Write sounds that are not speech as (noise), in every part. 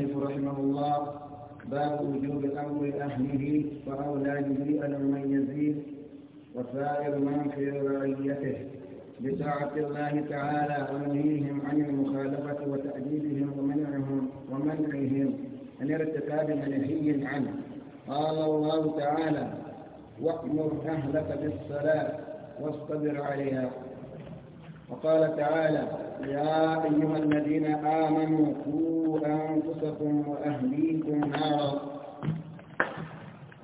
المؤلف رحمه الله باب وجوب امر اهله واولاده على من يزيد وسائر من في رعيته بطاعة الله تعالى ونهيهم عن المخالفة وتأديبهم ومنعهم ومنعهم عن ارتكاب منهي عنه قال الله تعالى وأمر أهلك بالصلاة واصطبر عليها وقال تعالى يا أيها الذين آمنوا قوا أنفسكم وأهليكم نارا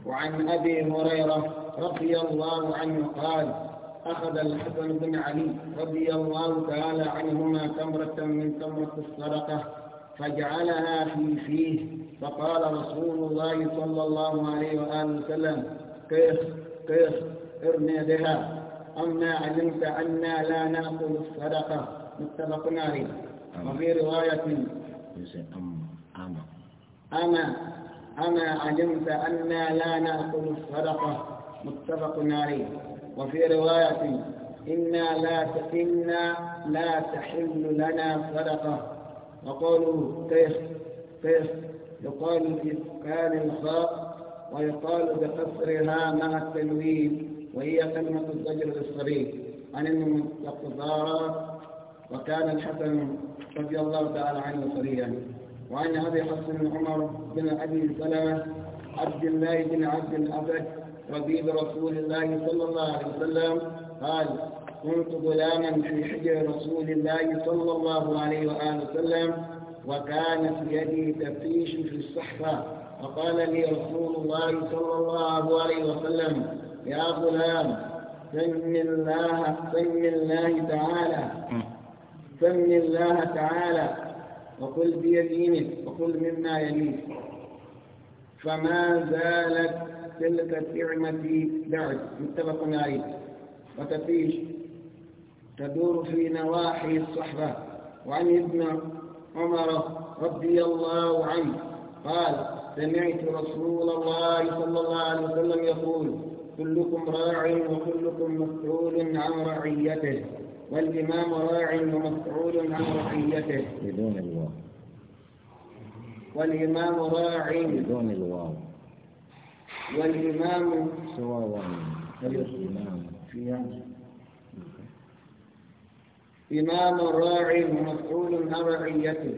وعن أبي هريرة رضي الله عنه قال أخذ الحسن بن علي رضي الله تعالى عنهما تمرة من تمرة السرقة فجعلها في فيه فقال رسول الله صلى الله عليه وآله وسلم قيس قيس ارمي بها أما علمت أنا لا نأخذ الصدقة متفق عليه وفي رواية أما أما أما علمت أنا لا نأكل الصدقة متفق عليه وفي رواية إنا لا إنا لا تحل لنا صدقة وقالوا كيف كيف يقال في سكان الخاء ويقال بقصرها مع التنوين وهي كلمة الزجر للصبي عن المقتضارات وكان الحسن رضي الله تعالى عنه صريا وعن أبي حفص بن عمر بن أبي سلمة عبد الله بن عبد الابد ربيب رسول الله صلى الله عليه وسلم قال كنت غلاما في حجر رسول الله صلى الله عليه وآله وسلم وكانت يدي تفتيش في الصحفة فقال لي رسول الله صلى الله عليه وسلم يا غلام سم الله سم الله تعالى سم الله تعالى وقل بيمينه وقل مما يليه فما زالت تلك النعمة بعد متفق عليه وتفيش تدور في نواحي الصحبة وعن ابن عمر رضي الله عنه قال سمعت رسول الله صلى الله عليه وسلم يقول كلكم راع وكلكم مسؤول عن رعيته والإمام راع ومفعول عن رعيته بدون الواو والإمام راع بدون الواو والإمام سوى والإمام فيها إمام راع ومفعول عن رعيته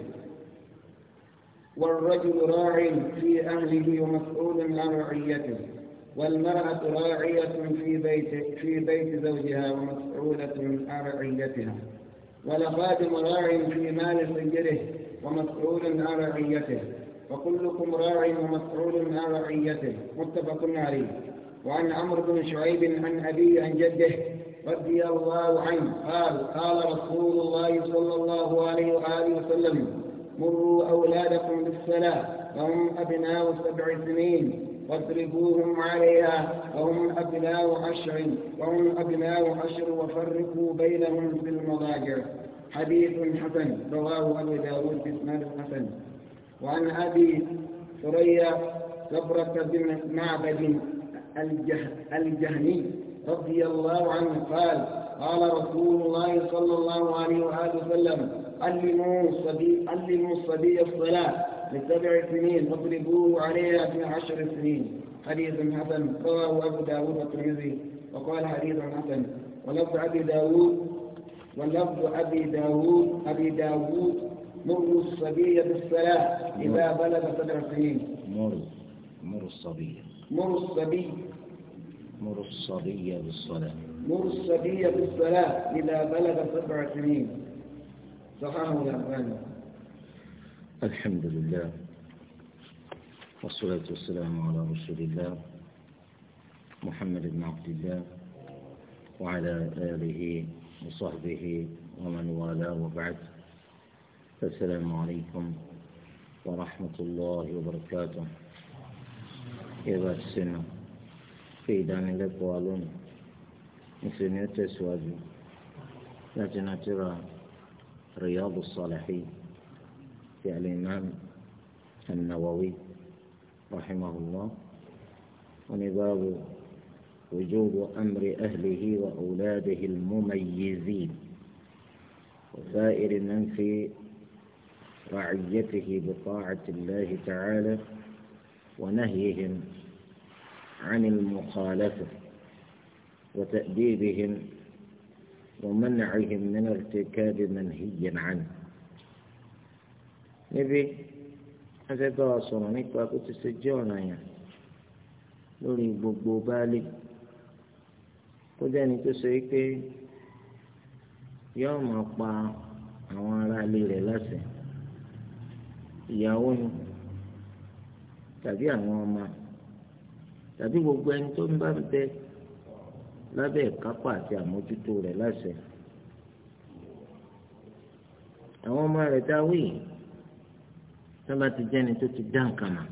والرجل راع في أهله ومفعول عن رعيته والمرأة راعية في بيت في بيت زوجها ومسؤولة عن رعيتها ولخادم راع في مال سيده ومسؤول عن رعيته وكلكم راع ومسؤول عن رعيته متفق عليه وعن عمرو بن شعيب عن أبي عن جده رضي الله عنه قال قال رسول الله صلى الله عليه وآله وسلم مروا أولادكم بالصلاة وهم أبناء سبع سنين واضربوهم عليها وهم أبناء عشر وهم أبناء عشر وفرقوا بينهم في المضاجع حديث حسن رواه أبو داود بإسناد حسن وعن أبي ثريا صبرة بن معبد الجهني رضي الله عنه قال قال رسول الله صلى الله عليه وآله وسلم علموا الصبي علموا الصبي الصلاة لسبع سنين واضربوه عليها في عشر سنين حديث حسن رواه أبو داود الترمذي وقال حديث حسن ولفظ أبي داود ولفظ أبي داود أبي داود مر الصبي بالصلاة إذا بلغ سبع سنين مر مر الصبي مر الصبي مر الصبي بالصلاة مر الصبي بالصلاة إذا بلغ سبع سنين صححه الأخوان الحمد لله والصلاة والسلام على رسول الله محمد بن عبد الله وعلى آله وصحبه ومن والاه وبعد السلام عليكم ورحمة الله وبركاته إذا السنة في دان لك مثل لكن ترى رياض الصالحين في الإمام النووي رحمه الله ونباب وجوب أمر أهله وأولاده المميزين وسائر من في رعيته بطاعة الله تعالى ونهيهم عن المخالفة وتأديبهم ومنعهم من ارتكاب منهي عنه níbí wọ́n fẹ́ bá wa sọ̀rọ̀ nípa kó ti ṣe jẹ́ ọ̀ranyàn lórí gbogbo baálé kó jẹ́ni tó ṣe pé yóò máa pa àwọn ará ilé rẹ̀ láṣẹ ìyàwó ni tàbí àwọn ọmọ tàbí gbogbo ẹni tó ń bá bẹ lábẹ́ ìkápá àti àmójútó rẹ̀ láṣẹ àwọn ọmọ rẹ̀ dáwé yìí sábà ti jẹ́ ẹni tó ti dá nǹkan mọ̀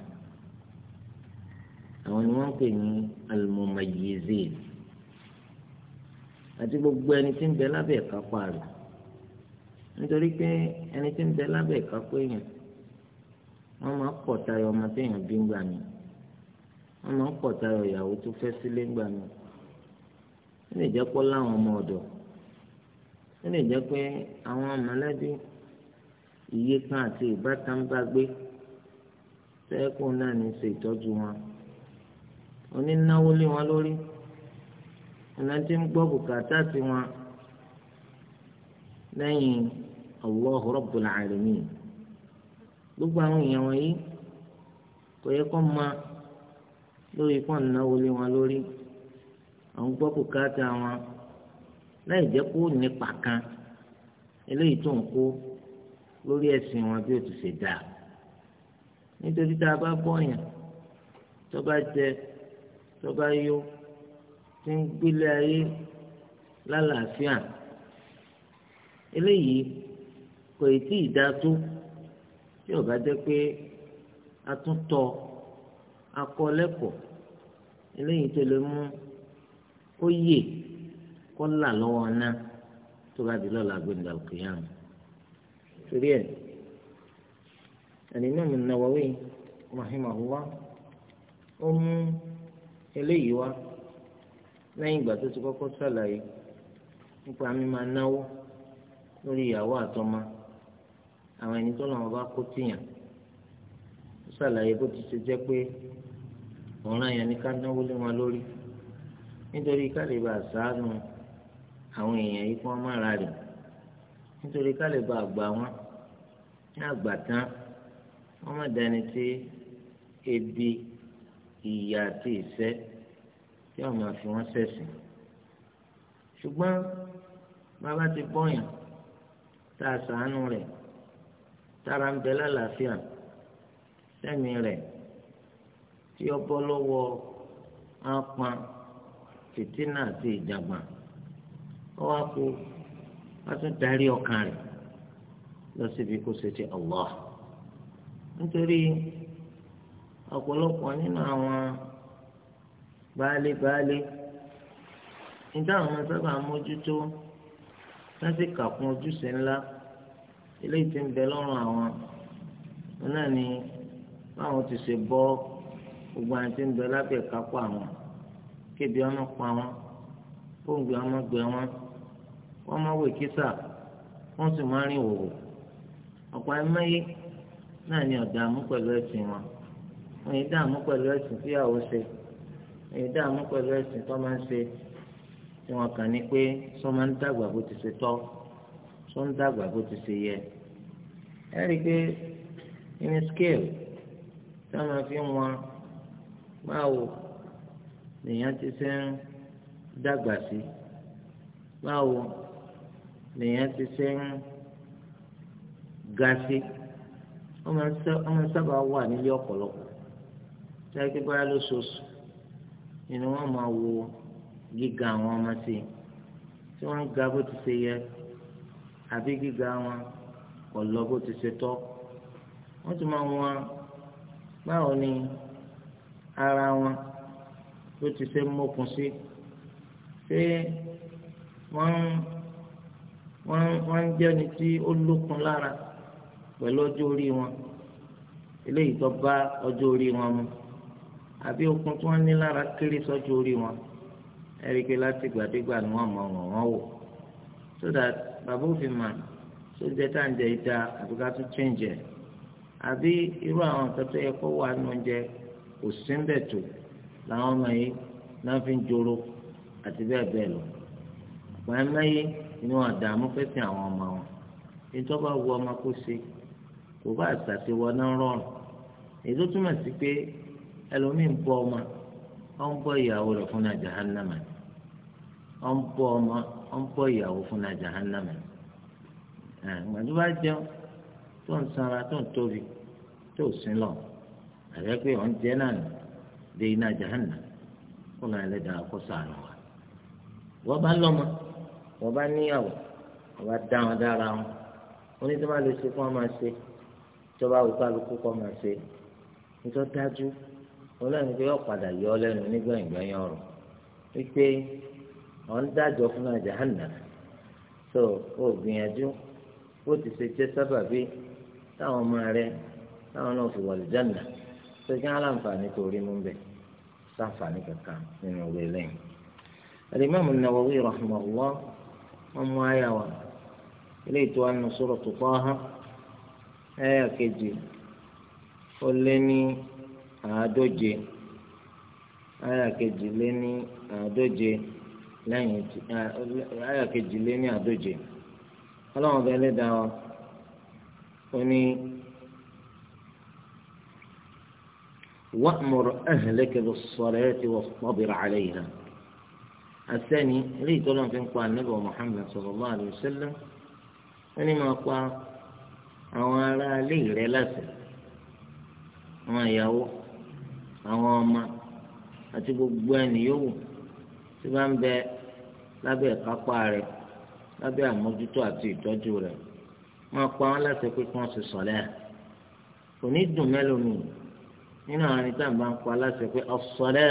àwọn ni wọ́n ń pè ní al-mumayyizin àti gbogbo ẹni tí ń bẹ lábẹ́ ìkápá rẹ̀ nítorí pé ẹni tí ń bẹ lábẹ́ ìkápá èèyàn wọ́n máa ń pọ̀ tayọ ọmọ téèyàn bí ń gbà mí máa ń tayọ ìyàwó tó fẹ́ sílé ń gbà ó lè jẹ́ pọ́ láwọn ọmọ ọ̀dọ̀ ó lè jẹ́ pé àwọn mọ̀lẹ́bí iye kan àti ìbátan bá gbé sẹ́ẹ̀kù náà ní ṣe ìtọ́jú wọn onínáwó lé wọn lórí ọ̀nà tí ń gbọ́ bùkátà sí wọn lẹ́yìn Allahu Rabbul Alamin gbogbo àwọn èèyàn wọ̀nyí kò yẹ kó ma lórí kó náwó lé wọn lórí àwọn gbọ́ bùkátà wọn láì jẹ́ kó nípa kan eléyìí tó ń kó lórí ẹ̀sìn wọn bí ó ti ṣe dáa nítorí tá a bá bọ̀yàn tó bá jẹ tó bá yó tí ń gbélé ayé lálàáfíà eléyìí kò ì tí ì dá tó tí ò bá jẹ́ pé a tún tọ́ akọ lẹ́kọ̀ọ́ eléyìí tó lè mú kó yè kó là lọ́wọ́ náà tó bá di lọ́la gbẹ̀ndàlùkìyàmù torí ẹ̀ Al-Imam an mahima rahimahullah ó mú eléyìí wá lẹ́yìn ìgbà tó ti kọ́kọ́ sàlàyé nípa mímọ náwó lórí ìyàwó àtọmọ àwọn ẹni tó lọ́wọ́ bá kó tìyàn ó sàlàyé bó ti ṣe jẹ́ pé ọ̀ràn yẹn ni ká náwó lé wọn lórí nítorí ká lè bá ṣàánú àwọn èèyàn yìí kí wọ́n má ra rè nítorí ká lè bá gbà wọ́n ní àgbàtán wọ́n má dání tí ebi ìyà àti ìṣẹ́ tí wọ́n máa fi wọ́n ṣẹ̀sìn ṣùgbọ́n bàbá ti bọ́yàn tá a ṣàánú rẹ̀ tára ń bẹ lálàáfíà sẹ́mi rẹ̀ tí ó bọ́ lọ́wọ́ apọn fìtínà àti ìjàgbọ̀n ó wá kó wá tún darí ọkàn rẹ̀ lọ síbi kó ṣe ti Allah nítorí ọ̀pọ̀lọpọ̀ nínú àwọn baálé baálé níta àwọn sábà mójútó láti kàkún ojúṣe ńlá eléyìí tí ń bẹ lọ́rùn àwọn náà ni báwọn ti ṣe bọ́ gbogbo àwọn tí ń bẹ lábẹ́ kápọ̀ àwọn kébi ọmọ pa wọn fóònù ọmọ gbẹ wọn wọn máa wò kísà wọn sì máa rìn òwò ọ̀pọ̀ ẹ̀mọ́yé náà ni ọ̀dààmú pẹ̀lú ẹ̀sìn wọn wọ́n yìí dààmú pẹ̀lú ẹ̀sìn tíyàwó ṣe wọ́n yìí dààmú pẹ̀lú ẹ̀sìn tó máa ń ṣe tí wọ́n kàn ní pé sọ máa ń dàgbà bó ti ṣe tọ́ sọ ń dàgbà bó ti ṣe yẹ ẹ rí i pé ní scale tí wọ́n máa fi ń wọn báwo lèèyàn ti ṣe ń dàgbà sí báwo lèèyàn ti ṣe ń. Gasi, sí ọmọ sábà wà nílé ọ̀pọ̀lọpọ̀ sáyẹ́ pé báyà lóṣooṣù nínú wọn máa wo gíga àwọn ọmọ sí i tí wọ́n ń ga bó ti ṣe yẹ àbí gíga wọn kò lọ bó ti ṣe tọ́ wọ́n ti máa wọn báwo ni ara wọn bó ti ṣe mókun sí ṣé wọ́n wọ́n wọ́n tí ó lókun lára pẹ̀lú ọjọ́ orí wọn eléyìí tó bá ọjọ́ orí wọn mu àbí okun tí wọ́n ní lára kéré sọ́jọ́ orí wọn ẹ̀ríkẹ́ láti gbàdégbà ni wọ́n mọ̀ wọ́n wò so that bàbá òfin mà sóúnjẹ tá à ń jẹ ìta àbí ká tún change ẹ̀ àbí irú àwọn nǹkan tó yẹ kó wà nínú oúnjẹ kò sí ń bẹ̀ tó làwọn ọmọ yìí náà fi ń joro àti bẹ́ẹ̀ bẹ́ẹ̀ lọ àpò ẹ̀mẹ́yé ni wọ́n dààmú fẹ́ sin àwọn ọmọ wọn ètò wọ ọmọ kó ṣe kò bá àṣàtiwọ náà rọrùn èdè túmọ̀ sí pé ẹlòmíín bọ́ ọmọ ọ ń bọ́ ìyàwó rẹ̀ fún ọ ń bọ́ ọmọ ọ ń bọ́ ìyàwó fún gbàdúrà bá tó ń sanra tó ń tóbi tó sin lọ pé ń náà dé iná kó náà kó sàánù wa wọ́n bá lọ́mọ wọ́n bá níyàwó wọ́n ìjọba wò kálukú kọ́ máa ṣe nítorí dájú ọlọ́run pé ọ̀padà yọ ọ lẹ́nu nígbẹ̀yìngbẹ̀yìn ọ̀rọ̀ wípé ọ̀n dájọ́ fún Jahannam tó o gbìyànjú ó ti ṣe jẹ́ sábàbí táwọn ọmọ rẹ táwọn náà fi wọlé Jannah tó kí wọ́n láǹfààní tó rí mú bẹ́ẹ̀ sáǹfààní kankan nínú ìwé lẹ́yìn. الإمام النووي رحمه الله أم آية إليه أن سورة طه ẹyà kejì ó lé ní àádóje àyà kejì lé ní àádóje lẹ́yìn àyà kejì lé ní àádóje ọlọ́run wa ó ní wa'mur ahlaka bis-salati wastabir 'alayha eléyìí tó lọ́n fi ń pa wa sallam pa. àwọn ará ilé rẹ lásìkò àwọn ìyàwó àwọn ọmọ àti gbogbo ẹni yòówù tí bá ń bẹ lábẹ́ ìkápá rẹ lábẹ́ àmójútó àti ìtọ́jú rẹ máa pa wọn láti pé kí wọ́n ṣe sọ̀lẹ́ à kò ní dùn mẹ́lòmíì nínú àwọn ẹni tá à ń bá ń pa láti pé ọ̀sọ̀lẹ́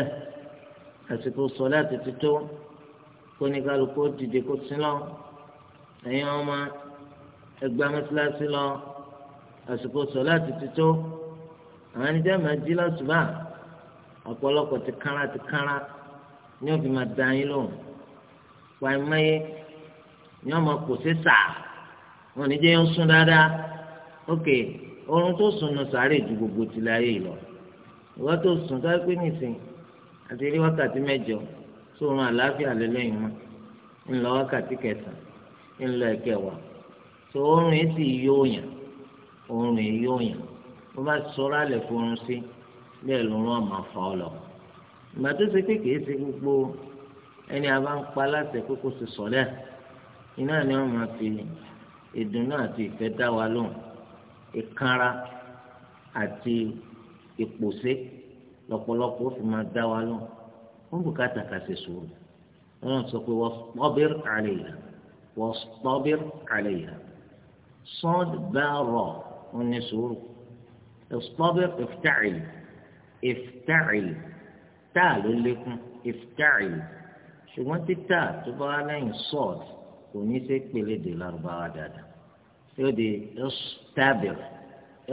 àsìkò sọ̀lẹ́ àti tító kó ní kálukú dìde kó sí ẹ̀yin ọmọ ẹgbẹ́ mọ́tíláṣí lọ àsìkò sọláàtì ti tó àwọn ẹni tẹ́ máa jí lọ́sùbà ọ̀pọ̀lọpọ̀ ti kára ti kára ní òfin máa da yín lóhùn pàìmọ́yé ní ọmọ kò sí sàá wọn ní jẹ́ yín sún dáadáa ókè oorun tó sùn nù sàárè ju gbogbo tìlẹ̀ ayé lọ ìwọ́n tó sùn ká pé nìsín àti rí wákàtí mẹ́jọ sóorun àlàáfíà lélẹ́yìn mọ́ ńlọ wákàtí kẹsàn-án ńlọ ẹ̀kẹwàá sóorun yìí sì yóò yàn oorun èyí òyìn bó bá sọ̀rọ̀ àlẹ́ fọrun sí bẹ́ẹ̀ lọ́rùn àmọ́ afọ́ ọ lọ. ìgbà tó ṣe pé kìí ṣe gbogbo ẹni a bá ń pa láti kókó ṣe sọ̀lẹ́ iná ni wọ́n máa fi ìdùnnú àti ìfẹ́ dá wa lóhùn ìkanra àti ìpòsí lọ́pọ̀lọpọ̀ ó fi máa dá wa lóhùn wọ́n bù kàtà ká ṣe sùúrù wọ́n sọ pé wasbir alayha wasbir alayha sọ́ọ̀dì bá rọ̀ ó ní sùúrù istabir ifta'il ifta'il táà ló lékún ifta'il ṣùgbọ́n títà tó bá wá lẹ́yìn sọ́ọ̀t kò ní í ṣe pèlè dè lárúbáwá dáadáa tí ó di istabir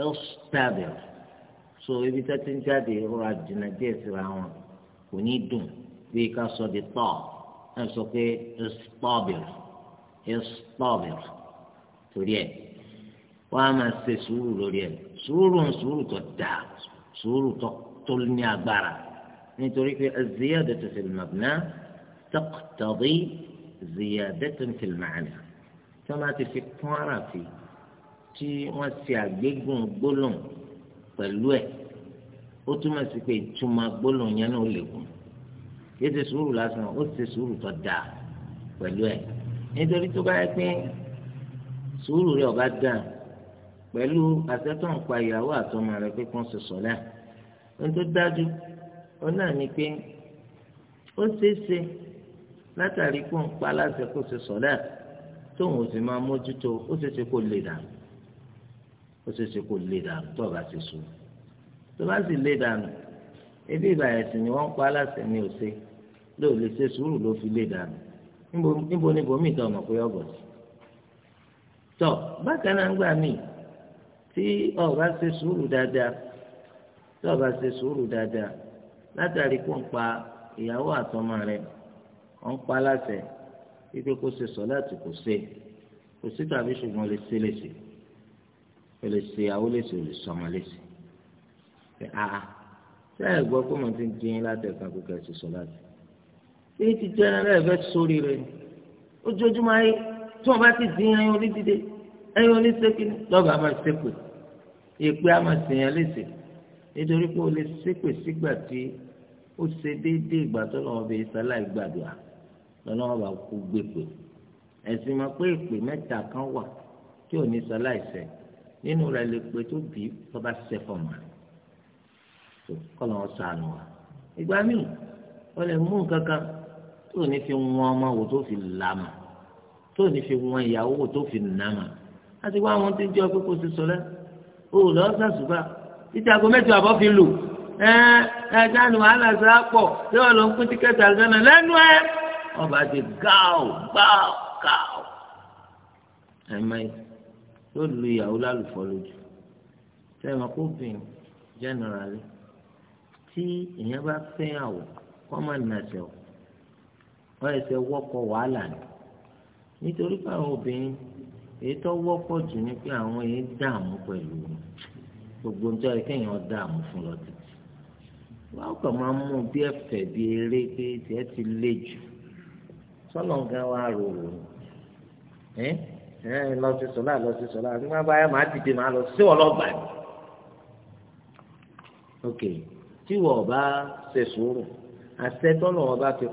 istabir so ibi tó ti ń jáde ìrora jìnnà díẹ̀ síra wọn kò ní dùn bí ká sọ di tọ́ ẹ sọ pé istabir istabir torí ẹ̀ wọn á máa ṣe sùúrù lórí ẹ sùúrù ń sùúrù tó dáa sùúrù tó ní agbára nítorí pé ziyadatu fil mabna taqtadi ziyadatu fil ma'na tí wọn bá ti fi kún ara fi tí wọn ṣe àgbégùn gbólóhùn pẹ̀lú ẹ ó túmọ̀ sí pé ìtumọ̀ gbólóhùn yẹn náà ó lè gùn yé ṣe sùúrù lásán ó ṣe sùúrù tó dáa pẹ̀lú ẹ nítorí tó bá yẹ pé sùúrù rẹ ọba dáa pẹ̀lú àtẹ́tọ̀ ń pa ìyàwó àtọmọ rẹ̀ pé kàn ṣe sọ̀lá ohun tó dájú ó náà ní pé ó ṣeé ṣe látàrí kó ń pa aláṣẹ kó ṣe sọ̀lá tóun ò sì máa mójútó ó ṣeé ṣe kó lè dànù ó ṣeé ṣe kó lè dànù tó o bá ti sùn tó bá sì lè dànù ebi ìgbà ẹ̀sìn ni wọ́n ń pa aláṣẹ ni ò ṣe ló lè ṣe sùúrù ló fi lè dànù níbo níbo níbo míì ọmọ pé ọgọ̀ sí. tọ́ bákan náà ń gbà míì tí ọba ṣe sùúrù dáadáa tí ọba ṣe sùúrù dáadáa látàrí kó ń pa ìyàwó àtọmọ rẹ̀ ọ ń pa láṣẹ wípé kó ṣe sọ láti kò ṣe kò sí tàbí ṣùgbọ́n lè ṣe léṣe o lè ṣe àwọn léṣe o lè sọmọ léṣe pé àá sẹ́yìn gbọ́ pé mo ti ń dín láti ẹ̀ka kó kẹ́sì sọ láti. èyí ti jẹ́ ẹran ẹ̀fẹ́ sórí rẹ̀ ojoojúmọ́ ayé tí wọ́n bá ti dín ẹyin onídìde ẹyin oníṣẹ́kì lọ́ba máa ṣépè èpè á máa sèyàn léṣe nítorí pé o lè ṣépè sígbà tí ó ṣe déédéé ìgbà tó lọ́wọ́ bẹ sálà ìgbàdùà lọ́wọ́ bá kú gbèpè ẹ̀sìn máa pé èpè mẹ́ta kan wà tí ò ní sálà ìṣẹ́ nínú rẹ̀ lè pè tó bí tó bá ṣiṣẹ́ fọ̀mà kọ́ lọ́wọ́ sànù wa ìgbà míì o lè mú nǹkan kan tó ní fi wọn ọmọ wò tó fi làmà tó ní fi wọn ìyàwó wò tó fi nàmà láti wá àwọn tó ń jẹ́ ọ o lọ sàṣùbà títí aago mẹ́jọ àbọ̀ fi lù ẹ ẹ dánù wàhálà sí àpọ̀ tí wọ́n lọ ń pín tíkẹ́tì àlùjáná lẹ́nu ẹ ọba ti gáò gbáò gáò ẹ̀mẹ́ yóò lu ìyàwó lálùfọ́ lójú sẹ́yìn ọkọ̀ obìnrin jẹ́nẹ̀rálì tí èèyàn bá fẹ́ àwọ̀ kọ́ máa nà ẹsẹ̀ ọ̀ ẹsẹ̀ wọ́kọ̀ wàhálà ni nítorí pé àwọn obìnrin èyí tó wọ́pọ̀ jù ni pé àwọn èyí dààmú pẹ̀lú gbogbo nítorí ayé kéèyàn dààmú fún lọ títí wọ́n kàn máa ń mú bí ẹ̀fẹ̀ bí eré pé tiẹ̀ ti lé jù sọ́lọ́ǹgá wa rorò ẹ́ ẹ́ lọ sí sọ́lá lọ sí sọ́lá nígbà báyà máa dìde máa lọ sí ọlọ́gbà ni ok tí wọ́n ṣe sùúrù àṣetọ́nù wọn bá pọ̀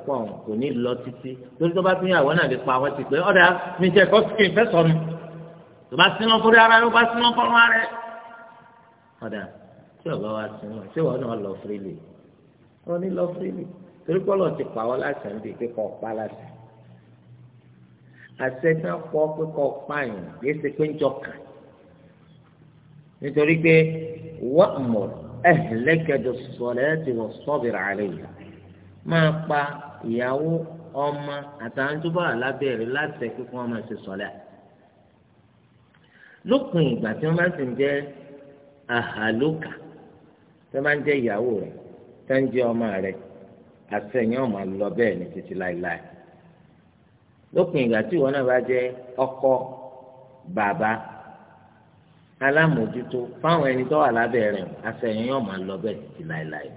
kò ní lọ títí lórí tó bá tún yà náà lè pa àwọn ti pé ọ̀dà mi jẹ́ kọ́sìkì fẹ́ sọnù tó bá sínú fúri ara rẹ ó bá sínú fọlọ́ ara rẹ. ọ̀dà tí ọba wa sínú ṣé wọn náà lọ fúrílì wọn ní lọ fúrílì torí pọ́lọ̀ ti pa ọ́ láti ẹ̀ ń bì pé kọ́ pa láti. àṣẹ tí wọ́n pọ̀ pé kọ́ pa yìí kì í ṣe pé ń jọ kàn nítorí pé wọ́n mọ̀ ẹ̀hìnlẹ́kẹ̀dọ̀ sọ̀rọ̀ ti wọ́n sọ́bìrì àlẹ́ yìí máa pa ìyàwó ọmọ àtàwọn tó bá wà lábẹ́rẹ́ láti ẹ̀ pé kí wọ́n máa ṣe lópin ìgbà tí wọ́n bá sì ń jẹ́ àhàlókà tí wọ́n bá ń jẹ́ ìyàwó rẹ̀ tí wọ́n ń jẹ́ ọmọ rẹ̀ àtẹ̀yìn ọmọ lọ bẹ́ẹ̀ ní títí láéláé lópin ìgbà tí ìwọ náà bá jẹ́ ọkọ bàbá alámòjútó fáwọn ẹni tó wà lábẹ́ rẹ̀ àtẹ̀yìn ọmọ lọ bẹ́ẹ̀ títí láéláé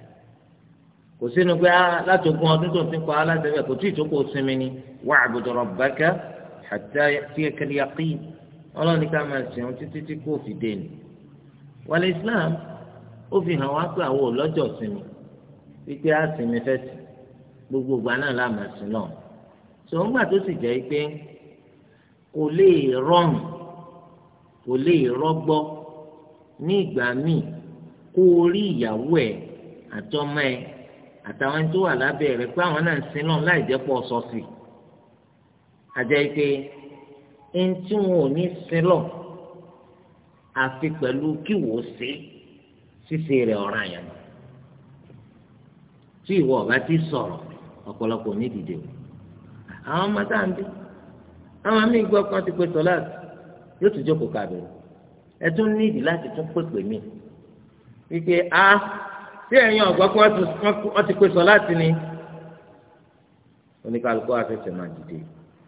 kò sínú pé ah, láti ogún ọdún tó ti ń pa aláṣẹ bẹ́ẹ̀ kò tí ì tó kó sinmi ni wa'budu rabbaka hatta ya'tiyaka al-yaqin ọlọ́run ní ká máa sìn títí tí kò fi dé ni wàlẹ̀ islam ó fi hàn wá pé àwọn ọlọ́jọ́ sinmi wípé á sinmi fẹ́ sí gbogbo ìgbà náà láàmà sí náà sọ̀rọ̀ ńgbà tó sì jẹ́ pé kò lè rọrùn kò lè rọgbọ ní ìgbà míì kó o rí ìyàwó ẹ àtọmọ ẹ àtàwọn tó wà lábẹ́ rẹ pé àwọn náà sin náà láì jẹ́ pọ̀ sọ́ọ̀sì àjẹ́ pé ẹni tí wọn ò ní sin lọ àfi pẹ̀lú kí wò ó ṣe ṣíṣe rẹ̀ ọ̀ràn yẹn tí ìwọ ọba ti sọ̀rọ̀ ọ̀pọ̀lọpọ̀ ní dìde o àwọn ọmọ tá à ń bí àwọn míì gbọ́ kan ti pe sọ́láàtì yóò tún jókòó kábẹ̀rẹ̀ ẹ tún nídìí láti tún pèpè mí wípé a tí ẹ̀yin ọ̀gbọ́ pé ti pe sọ́láàtì ni oníkàlùkù àfẹsẹ̀ máa dìde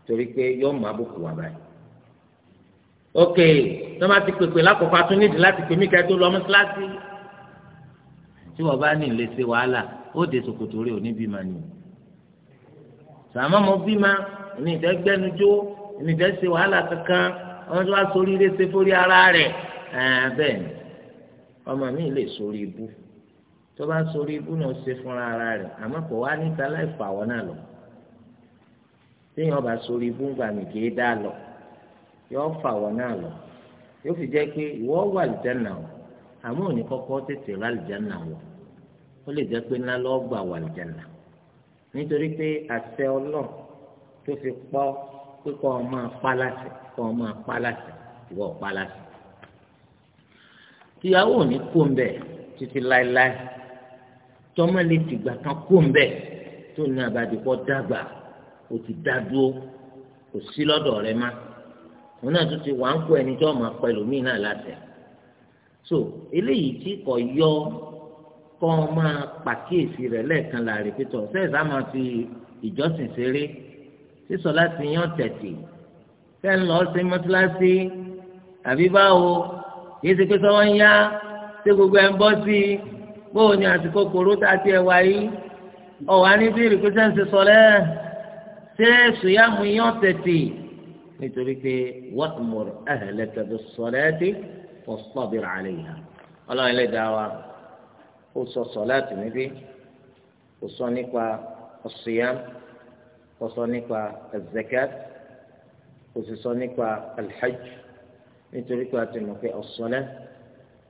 torí pé yóò máa bùkù wà báyìí ok tọ́ba ti pèpè lákòókò atúnídìí láti pèmí kẹ́tó lọ mọ́sálásí tí wọ́n bá ní ilé ṣe wàhálà ó de ṣòkòtò rẹ̀ ò ní bímọ ni sàmọ́ mo bímọ ní ìfẹ́ gbẹnujó ní ìfẹ́ ṣe wàhálà kankan wọ́n tó wá sórí ilé ṣe fórí ara rẹ̀ bẹ́ẹ̀ ni ọmọ mi lè sórí ibú tó bá sórí ibú náà ṣe fúnra ara rẹ̀ àmọ́ kò wá níta láì fà wọ́n náà lọ téèyàn bá sórí ibú gbà mí kéé dá lọ yọ fà wọ́n náà lọ yóò fi jẹ́ pé ìwọ wà lìjánà o àmọ́ òní kọ́kọ́ tètè rà lìjánà wọ̀ ó lè jẹ́ pé ńlá lọ́ọ́ gbà wà lìjánà nítorí pé àṣẹ ọlọ́ tó fi pọ́ pé kọ́ ọ máa pa láṣẹ kọ́ ọ máa pa láṣẹ ìwọ pa láṣẹ. tìyàwó òní kó ń bẹ̀ títí láéláé tọ́mọ lè fìgbà kan kó ń bẹ̀ tó ní abàdìpọ̀ dàgbà ó ti dá dúró kò sí lọ́dọ̀ rẹ máa òun náà tún ti wà ń kó ẹni tí wọn máa pa náà láṣẹ so eléyìí tí kò yọ kọ́ máa pàkíyèsí rẹ̀ lẹ́ẹ̀kan láàrin pétọ́ sẹ́ẹ̀sà máa fi ìjọsìn ṣeré sísọ láti yan tẹ̀tì fẹ́ ń lọ sí mọ́tíláṣí àbí báwo kìí ṣe pé sọ́wọ́n ń yá ṣé gbogbo ẹ̀ ń bọ́ sí i bóò ni àsìkò kòró tá a ti ẹ̀ wá yìí ọ̀wá ní bí rìpẹ́sẹ̀ ń ṣe sọ lẹ́ẹ̀ ṣé ṣùyàmù yan tẹ̀tì nítorí pé wa'mur ahlaka bis-salati wastabir 'alayha ọlọ́run ẹlẹ́dàá wa ó sọ sọ̀láàtì níbí ó sọ nípa as-siyam ó sọ nípa az-zakat ó sì sọ nípa al-hajj nítorí pé a ti mọ̀ pé as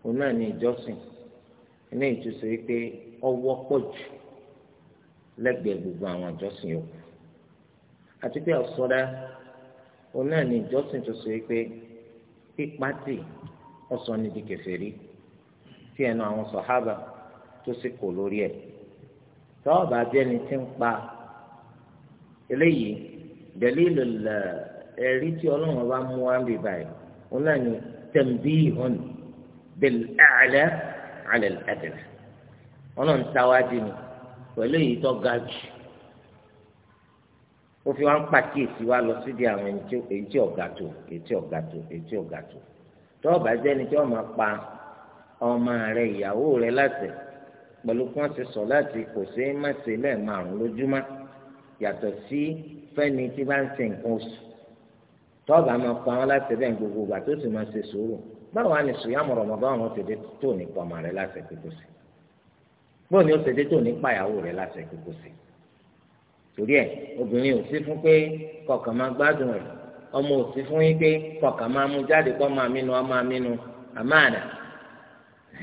òun náà ní ìjọsìn ní ìtúsọ yìí pé ọwọ́ pọ̀ jù lẹ́gbẹ̀ẹ́ gbogbo àwọn ìjọsìn yòókù àti pé as òun náà ní ìjọsìn tó so pé pípàtì ọsàn ní di kèfèrí tí ẹnu àwọn sọhábà tó sì kò lórí ẹ tọ́ọ̀bù abẹ́ni ti ń pa eléyìí dẹ̀lílù ẹ̀rí tí ọlọ́run bá mú wá ń báyìí òun náà ní tanbihun bil a'la 'ala al-adna ọlọ́run táwájú ni pẹ̀lú èyí tó ga jù ó fi wá ń pàkíyèsí wa lọ sídìí àwọn èyí tí ọ̀gá tó èyí tí ọ̀gá tó èyí tí ọ̀gá tó tó ọ̀bá jẹ́ ẹni tí wọ́n máa pa ọmọ rẹ ìyàwó rẹ láti pẹ̀lú kí wọ́n ti sọ láti kò sí má ṣe lẹ́ẹ̀márùn lójúmọ́ yàtọ̀ sí fẹ́ni tí bá ń ṣe nǹkan oṣù tó ọ̀bá máa pa wọn láti bẹ́ẹ̀ gbogbo ìgbà tó sì máa ṣe sùúrù báwo á ní sùyàmù rọmọdán wọn ti dé tó nípa ọmọ rẹ láti ẹgbẹ́ gbòsì bóun torí ẹ obìnrin ò sí fún pé kọkàn máa gbádùn rẹ ọmọ ò sí fún yín pé kọkàn máa mú jáde kọ́ máa mínú ọmọ àmínú àmàdà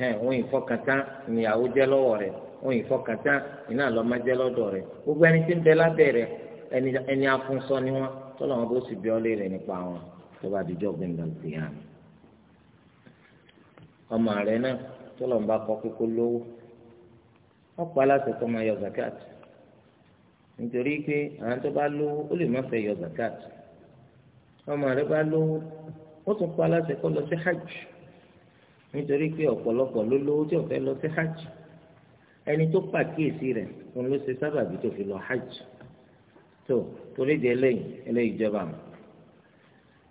ẹ òun ìfọkàntán ìyàwó jẹ́ lọ́wọ́ rẹ̀ òun ìfọkàntán iná lọ́mọ jẹ́ lọ́dọ̀ rẹ̀ gbogbo ẹni tí ń bẹ lábẹ́ rẹ̀ ẹni afúnṣọ ni wọ́n tọ́lọ̀ wọn bó sì bí ọ léèrè nípa wọn tó bá dijọ́ gbẹ̀ndàgbẹ̀ yàn ọmọ rẹ̀ náà tọ́lọ̀ ń bá kọ́ pé lówó wọ́n aláṣẹ kọ́ máa yọ zakat nítorí pé àwọn tó bá lówó ó lè má fẹ́ yọ zakat ọmọ rẹ bá lówó ó tún pa aláṣẹ kó lọ sí hajj nítorí pé ọ̀pọ̀lọpọ̀ ló lówó tí ò fẹ́ lọ sí hajj ẹni tó pàkíyèsí rẹ̀ òun ló ṣe sábàbí tó fi lọ hajj tó torí di eléyìí eléyìí jọba mọ́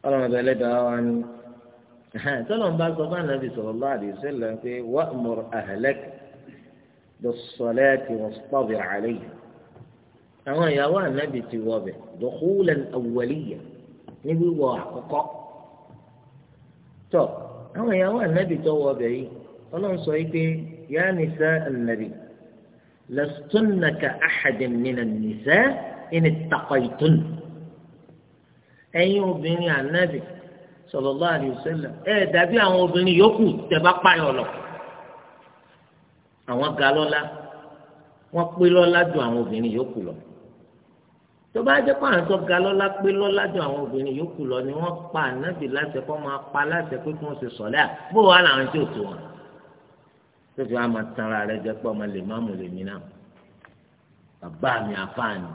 ọlọ́run ọba ẹlẹ́dàá wa ni tọ́lọ̀ ń bá sọ fún ànábì sallallahu alaihi wasallam pé wa'mur ahlaka bis-salati àwọn ìyàwó ànábì ti wọ bẹ̀ dukhulan awwaliyya ní wíwọ àkọ́kọ́ tó àwọn ìyàwó ànábì tó wọ bẹ̀ yìí ọlọ́run sọ yìí pé ya nisa an-nabi lastunna ka ahadin min an-nisa in ittaqaytun ẹ̀yin obìnrin ànábì sallallahu alayhi wa sallam dàbí àwọn obìnrin yòókù tẹ́ pààyàn lọ àwọn ga wọ́n pé lọ́lá ju àwọn obìnrin yòókù lọ tó bá jẹ́ pé àwọn tó ga lọ́lá pé lọ́lá ju àwọn obìnrin yòókù lọ ni wọ́n pa ànábì láṣẹ kó máa pa láṣẹ pé kí wọ́n ṣe sọ̀lẹ́ à bó wàá làwọn tí ò tó wọn. tó fi wá máa tan ara rẹ jẹ pé ọmọ lè má mú lèmi náà bàbá mi àfààní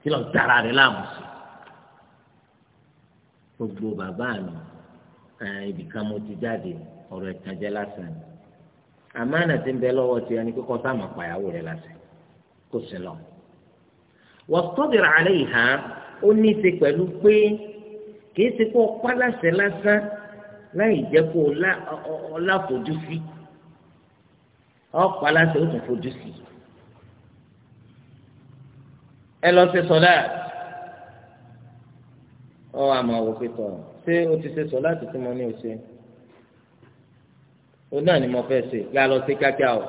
kí lọ́n tara rẹ láàmú sí. gbogbo bàbá mi ibìkan mo ti jáde ọ̀rọ̀ ìtànjẹ lásán ni àmọ́ àná ti ń bẹ lọ́wọ́ tiẹ̀ ni kókó sáà máa rẹ lásán kó sí lọ́wọ́ wastabir alayha ó ní í ṣe pẹ̀lú pé kìí ṣe kó ọpá láṣẹ lásán láì jẹ́ kó ọlá fojú sí ọpá láṣẹ ó tún fojú sí ẹ lọ ṣe sọlá ọ àmọ́ òfin tọ̀ ṣé o ti ṣe sọlá tuntun mọ́ ní ọ̀sẹ̀ o náà ni mo fẹ́ ṣe yà lọ sí kíákíá o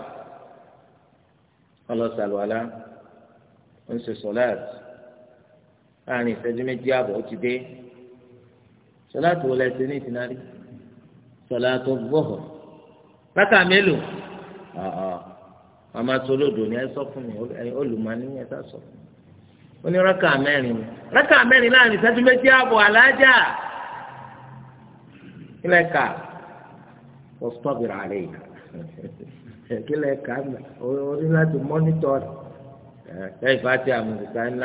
ọlọ́sàlùwàlá ń ṣe sọláàtì láàrin ìṣẹ́jú méjì àbọ̀ ó ti dé sọláàtì wo lẹ ṣe ní ìtìnárí sọláàtì gbọ́họ̀ bàtà mélòó màmá tó lòdò ni ẹ sọ fún mi olùmọ̀ọ́ni ẹ sá sọ fún mi ó ní rákà mẹ́rin ni rákà mẹ́rin láàrin ìṣẹ́jú méjì àbọ̀ àlájà kílẹ̀ ká wọ́n stọ́bìrì àlẹ́ yìí (laughs) kílẹ̀ ká ó ní láti mọ́nítọ̀ lẹ́yìn fati ati amu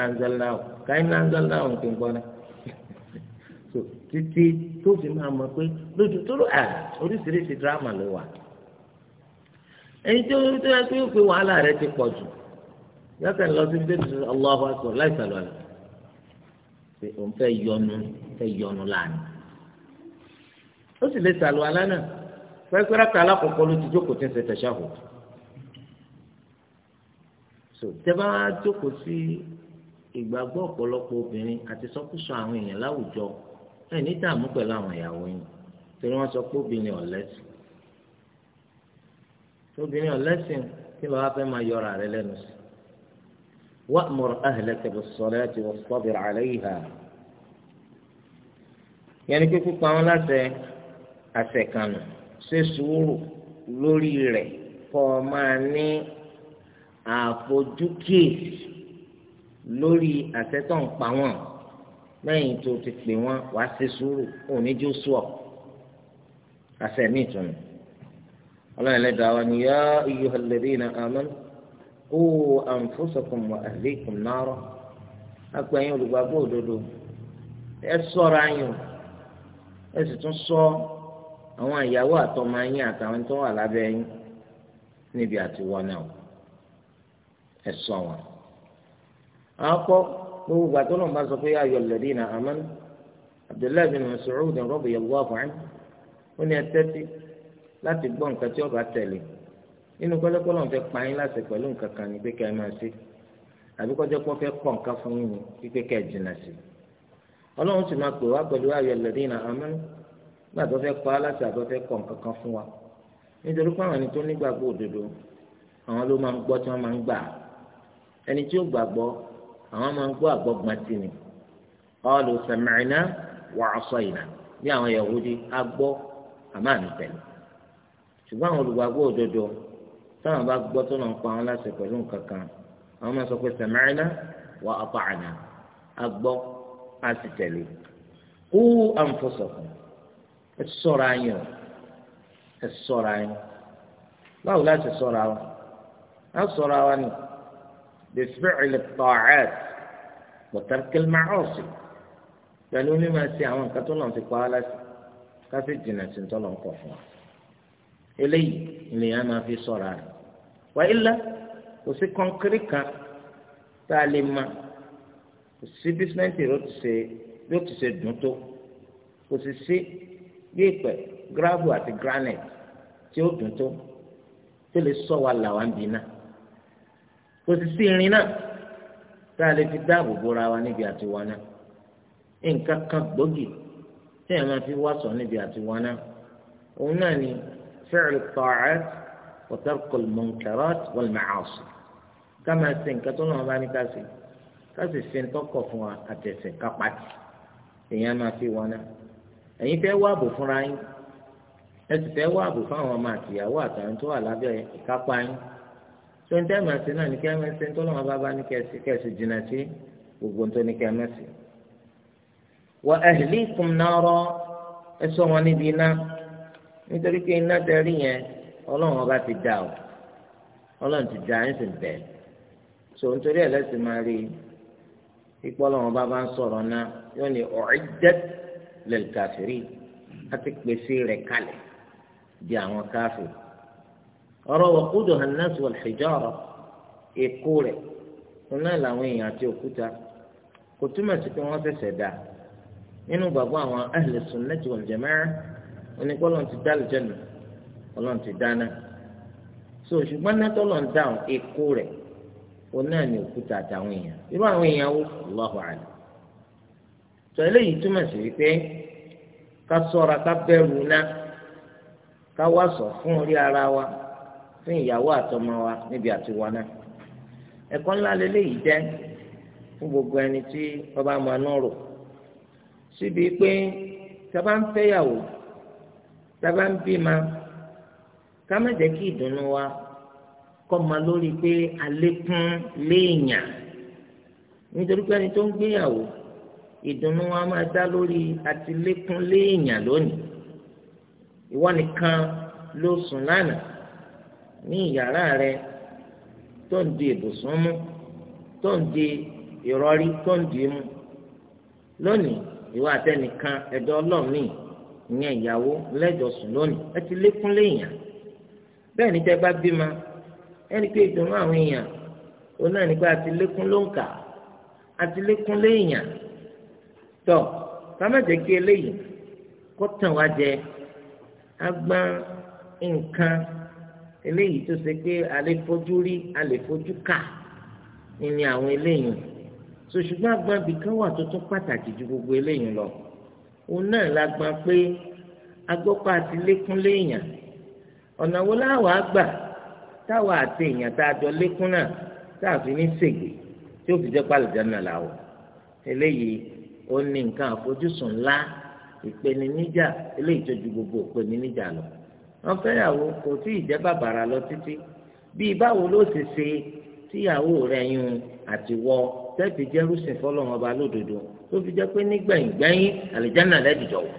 ń zọlá o káyínlá o kì í so titi tó fi máa mọ̀ pé siri tó lọ oríṣiríṣi dírámà ló wà ẹni tó tó yẹ kó pé wàhálà rẹ ti pọ̀ jù yọkàn lọ sí bíbélì sọ Allahu akbar láì sàlọ àlẹ pé òun fẹ́ yọnu fẹ́ yọnu láàánú ó sì lè sàlọ àlẹ náà fẹ́ ti so tẹ́bá wá jókòó sí ìgbàgbọ́ ọ̀pọ̀lọpọ̀ obìnrin àti sọ́kúsọ àwọn èèyàn láwùjọ ẹ̀ ní dààmú pẹ̀lú àwọn ìyàwó yín torí wọ́n sọ pé obìnrin ọ̀lẹ́sìn obìnrin ọ̀lẹ́sìn kí ló wá fẹ́ máa yọra rẹ lẹ́nu sí wa'mur ahlaka bis-salati wastabir 'alayha yẹnni pé pípa wọn láti àṣẹkànnù ṣe sùúrù lórí rẹ̀ kọ́ máa ní àfojúkèsì lórí àtẹ́tọ̀ ń pa wọ́n lẹ́yìn tó ti pè wọ́n wá sí sùúrù oníjú sùọ́ àṣẹ ní ìtùnú ọlọ́run lẹ́dàá wa ni yá ayyuhal ladhina amanu qu anfusakum wa ahlikum nara apẹ̀yìn olùgbàgbọ́ òdodo ẹ ṣọ́ra yín ẹ sì tún ṣọ́ àwọn ìyàwó àtọmọ yín àtàwọn tó wà lábẹ́ yín níbi àtiwọ́ náà ẹ̀sọ́ wọn. àwọn kọ́ gbogbo ìgbà tó lọ́nà bá sọ pé ayọ̀ lẹ́dí na amán abdullahi bin masoud radiyallahu anhu ó ní ẹtẹ́tí láti gbọ́ nǹkan tí ọba tẹ̀lé nínú kọ́lẹ́kọ́ lọ́n fẹ́ pa yín láti pẹ̀lú nǹkan kan ní pé ẹ máa ṣe àbí kọ́jọ́ pọ́ fẹ́ pọ̀ nǹkan fún yín ní pípé ẹ jìnnà sí ọlọ́run sì máa pè wá pẹ̀lú ayọ̀ lẹ́dí na amán nígbà tó fẹ́ pa láti àbọ̀ fẹ́ pọ̀ nǹkan kan fún wa nítorí pé àwọn ẹni tó nígbàgbọ́ òdodo àwọn ló máa ń gbọ́ tí wọ́n máa ń gbà á ẹni tí ó gbàgbọ́ àwọn máa ń gbọ́ àgbọ́ gbàtì ni ọlù sami'na wa 'asayna bí àwọn Yahudi agbọ́ àmọ́ tẹ̀lé ṣùgbọ́n àwọn olùgbàgbọ́ òdodo táwọn bá gbọ́ tó náà pa àwọn láṣẹ pẹ̀lú nǹkan kan àwọn máa sọ pé sami'na wa ata'na agbọ́ á sì tẹ̀lé kú anfusakum ẹ sọ̀rọ̀ ayọ̀ ẹ sọ̀rọ̀ ayọ̀ báwo láti sọ̀rọ̀ àwọn á sọ̀rọ̀ àwọn بفعل الطاعات وترك المعاصي pẹ̀lú mímọ̀ sí àwọn nǹkan tó lọ́n ti pa á lásì ká sì jìnnà sí tó lọ́n kọ̀ fún wa eléyìí ènìyàn máa fi sọ̀rọ̀ rẹ̀ wà ilá kò sí kọ́ńkírì kan tá a lè ma kò sí bísíǹtì yóò ti ṣe dùn tó kò sì sí bí ìpẹ́ gíráàbù àti granite tí ó dùn tó tó lè sọ wa làwọn bì náà kò sì sí irin náà tá a lè fi dáàbò bora wa níbi àtiwá náà nǹkan kan gbòógì tí a máa fi wá sọ níbi àtiwá náà òun náà ni fi'l at-ta'at wa tarku al-munkarat wal-ma'asi ká máa ṣe nǹkan tó náà bá ní ká ṣe ká sì fi tọkọ̀ fún wa àtẹ̀sẹ̀ kápátì èèyàn máa fi wá náà ẹ̀yin fẹ́ wá ààbò fúnra yín ẹ sì fẹ́ wá ààbò fáwọn ọmọ àtìyàwó àtàwọn tó wà lábẹ́ ìkápá yín tó ń tẹ́lẹ̀ sí náà ní kí ẹ máa ṣe ń tó lọ́wọ́ bá bá ní kẹ̀sì kẹ̀sì jìnnà sí gbogbo tó ní kí ẹ máa ṣe. wa ahlikum nara ẹ sọ wọn níbi iná nítorí pé iná tẹ̀rí yẹn ọlọ́run ọba ti dà o ọlọ́run ti dà ẹ̀ sì so nítorí ẹ̀ máa rí ipò ọlọ́run ọba bá ń sọ̀rọ̀ náà yóò ní u'iddat lil kafirin pèsè rẹ̀ kalẹ̀ di àwọn káfíìn ọ̀rọ̀ wọ̀kúdù hannas wal hijara èkó rẹ̀ ọ̀nà làwọn èèyàn àti òkúta kò túmọ̀ sí pé wọ́n ṣẹ̀ṣẹ̀ dà nínú gbàgbọ́ àwọn ahli sunnati wal jamaa oníkọ́ lọ́n ti dá àlùjànnà ọlọ́run ti dáná so ṣùgbọ́n nátọ́ lọ́n dáhùn èkó rẹ̀ ọ̀nà ni òkúta àtàwọn èèyàn irú àwọn èèyàn wò Allahu a'lam tọ́ eléyìí túmọ̀ sí wípé ká sọ́ra ká bẹ̀rù ná ká wá sọ fún orí ara wa fún ìyàwó àtọmọ wa níbi àtiwọ́ náà ẹ̀kọ́ ńlá lélẹ́yìí jẹ́ fún gbogbo ẹni tí ọba máa ń rò síbi pé sábà ń fẹ́yàwó sábà ń bímọ ká má jẹ́ kí ìdùnnú wa kọ́ ma lórí pé àlékún léèyàn nítorí pé ẹni tó ń gbéyàwó ìdùnnú wa máa dá lórí àtilékún léèyàn lónìí ìwọ nìkan ló sùn lánàá ní ìyàrá rẹ tó ń di ibùsùn mú tó ń di ìrọ̀rí tó ń di mú lónìí ìwọ àtẹnìkan ẹ̀dọ́ ọlọ́ọ̀mìn ìyẹn ìyàwó lónìí ẹ ti lékún léèyàn ni tẹ́ bá bímọ ẹni pé ìdùnnú àwọn èèyàn òun náà nípa àti lékún ló ń kà àti lékún léèyàn kí eléyìí kó tàn wá jẹ eléyìí tó ṣe pé a lè fojú rí a lè fojú kà ní àwọn eléyìí so ṣùgbọ́n agbọn bìkan wà tó tún pàtàkì ju gbogbo eléyìí lọ òun náà la gbọn pé agbọ́pọ̀ àti lékún léèyàn ọ̀nà wo láwàá gbà táwa àti èèyàn tá a jọ lékún náà tá a fi ní ṣègbè tí ó fi jẹ́ pàlùjánà làwọ̀ eléyìí ó ní nǹkan àfojúsùn ńlá ìpèníjà eléyìí tó ju gbogbo ìpèníjà lọ wọn fẹ́yàwó kò tí ì jẹ́ bàbàrà lọ títí bíi báwo ló ṣe ṣe tíyàwó rẹ̀ yún àti wọ tẹ́ẹ̀tì jẹ́rùsìn fọlọ́wọn ọba lódodo tó fi jẹ́ pé nígbẹ̀yìngbẹ̀yìn àlìjáná rẹ̀ dìjọ́ wọ̀.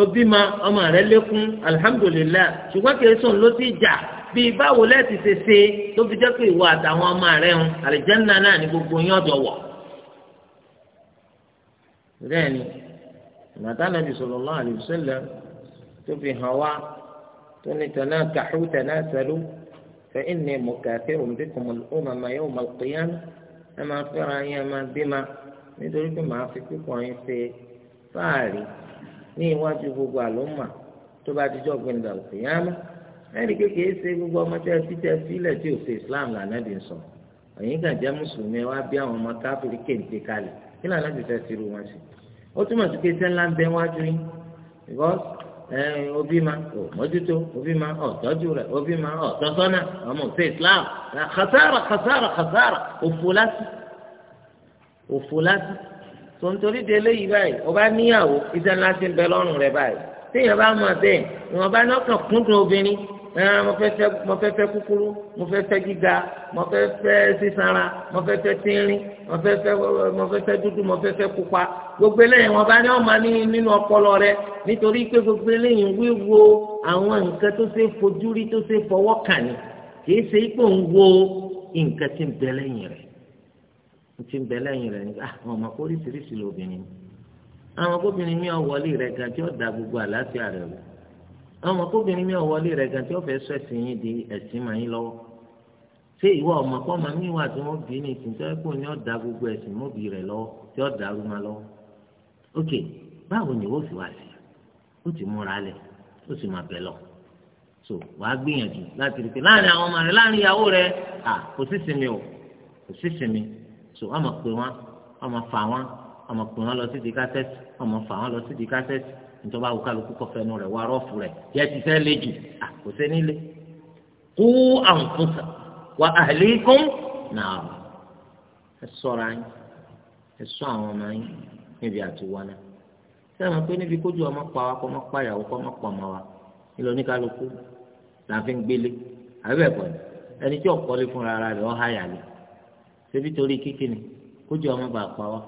òbí ma ọmọ rẹ̀ lékún alihamudulilayi ṣùgbọ́n kì í sùn ló ti jà bíi báwo lẹ́ẹ̀tì ṣe ṣe tó fi jẹ́ pé ìwọ àtàwọn ọmọ rẹ̀ hun àlìjáná náà ní gbogbo yín ọ̀dọ̀ wọ̀. bẹ́ẹ̀ ni màtá nàbì sallallahu alaihi wasallam tó fi hàn wá tó ní tọ́nà kàḥú tẹ̀nà sẹ́lú fẹ́ẹ́ ní mọ̀kàtí òǹdí kùmọ̀ ọmọ mà yóò mọ̀ kéyàn ẹ máa fẹ́ra yín ẹ máa bímọ nítorí pé màá fi pípọ̀ yín ṣe fáàrí ní iwájú gbogbo àlọ́mà tó bá dijọ́ gbẹ̀ndà òkéyàn ẹnì kékeré ṣe gbogbo ọmọ tẹ́ fi tẹ́ sílẹ̀ tí ò ṣe Islam lànà bí sọ ẹ̀yin kan mùsùlùmí wá bí àwọn ọmọ káfíìrì kéńté kalẹ̀ kí lànà bí fẹ́ ti rú wọn sí ó túmọ̀ sí pé sẹ́ńlá ń bẹ wájú yín because obi ma ò mójútó obi ma ọ̀ tọ́jú rẹ̀ obi ma ọ̀ tọ́sọ́nà ọmọ òsè islam kàtàrà kàtàrà kàtàrà òfò lásì òfò lásì tontori de eléyìí báyìí ọba níyàwó iṣẹ́ ńlá ti ń bẹ lọ́rùn rẹ̀ báyìí téèyàn bá mọ̀ bẹ́ẹ̀ ìwọ̀nba náà kàn kúndùn obìnrin ẹn eh, mo fẹ́ fẹ́ mo fẹ́ fẹ́ kúkúrú mo fẹ́ fẹ́ gíga mo fẹ́ fẹ́ sísanra mo fẹ́ fẹ́ tínrín mo fẹ́ fẹ́ mo fẹ́ fẹ́ dúdú mo fẹ́ fẹ́ pupa gbogbo eléyìí wọn bá ní ọmọ ní nínú ọpọlọ rẹ nítorí pé gbogbo eléyìí wíwo àwọn nǹkan tó ṣe fojú rí tó ṣe fọwọ́ kàn ní kì í ṣe ipò ń wo nǹkan tí ń bẹ lẹ́yìn rẹ̀ ti ń bẹ lẹ́yìn rẹ̀ nígbà ah, àwọn ọmọ kórìsìrìsì lóbìnrin àwọn ọmọkóbìnrin mi ọ̀ rẹ̀ gàdí ọ̀dà gbogbo àlàáfíà rẹ̀ wò àwọn ọmọkùnrin mi ò wọlé rẹ̀ gan tí wọ́n fẹ́ sọ ẹ̀sìn yín di ẹ̀sìn màá yín lọ́wọ́ ṣé ìwọ ọmọ kọ́ máa ní ìwà tí wọ́n bí ní ìsìn tó ẹ̀kọ́ ni ó da gbogbo ẹ̀sìn mọ́bì rẹ̀ lọ́wọ́ tí ó da arúmọ lọ́wọ́ ok báwo ni ó sì wá sí ó ti múra lẹ̀ ó sì máa bẹ̀ lọ so wàá gbìyànjú láti rí i pé láàrin àwọn ọmọ rẹ láàrin ìyàwó rẹ à kò sí sinmi o kò sí sinmi so wọ́n máa pè wọ́n wọ́n máa fà wọ́n wọ́n máa pè wọ́n lọ sí di kásẹ́tì nítorí àwọn kálukú kọfẹ nu rẹ wà rọfù rẹ yẹ ti fẹ lé jù à kò sẹ nílé kú àǹfọ̀sà wà àlékún náà ẹ ṣọ́ra yín ẹ ṣọ́ àwọn ọmọ yín níbi àtiwọnà sẹ́wọ̀n pé níbi kójú ọmọ pa wa kọ́ ọmọ pa ìyàwó kọ́ ọmọ pa ọmọ wa nílò oníkálukú là ń fi gbélé àbẹ̀bẹ̀ pọ̀ ní ẹni tí ọ̀kọ́lé fúnra ara rẹ̀ ọ̀há yàlẹ̀ ṣebí torí kíkíni kójú ọmọ bá pa wa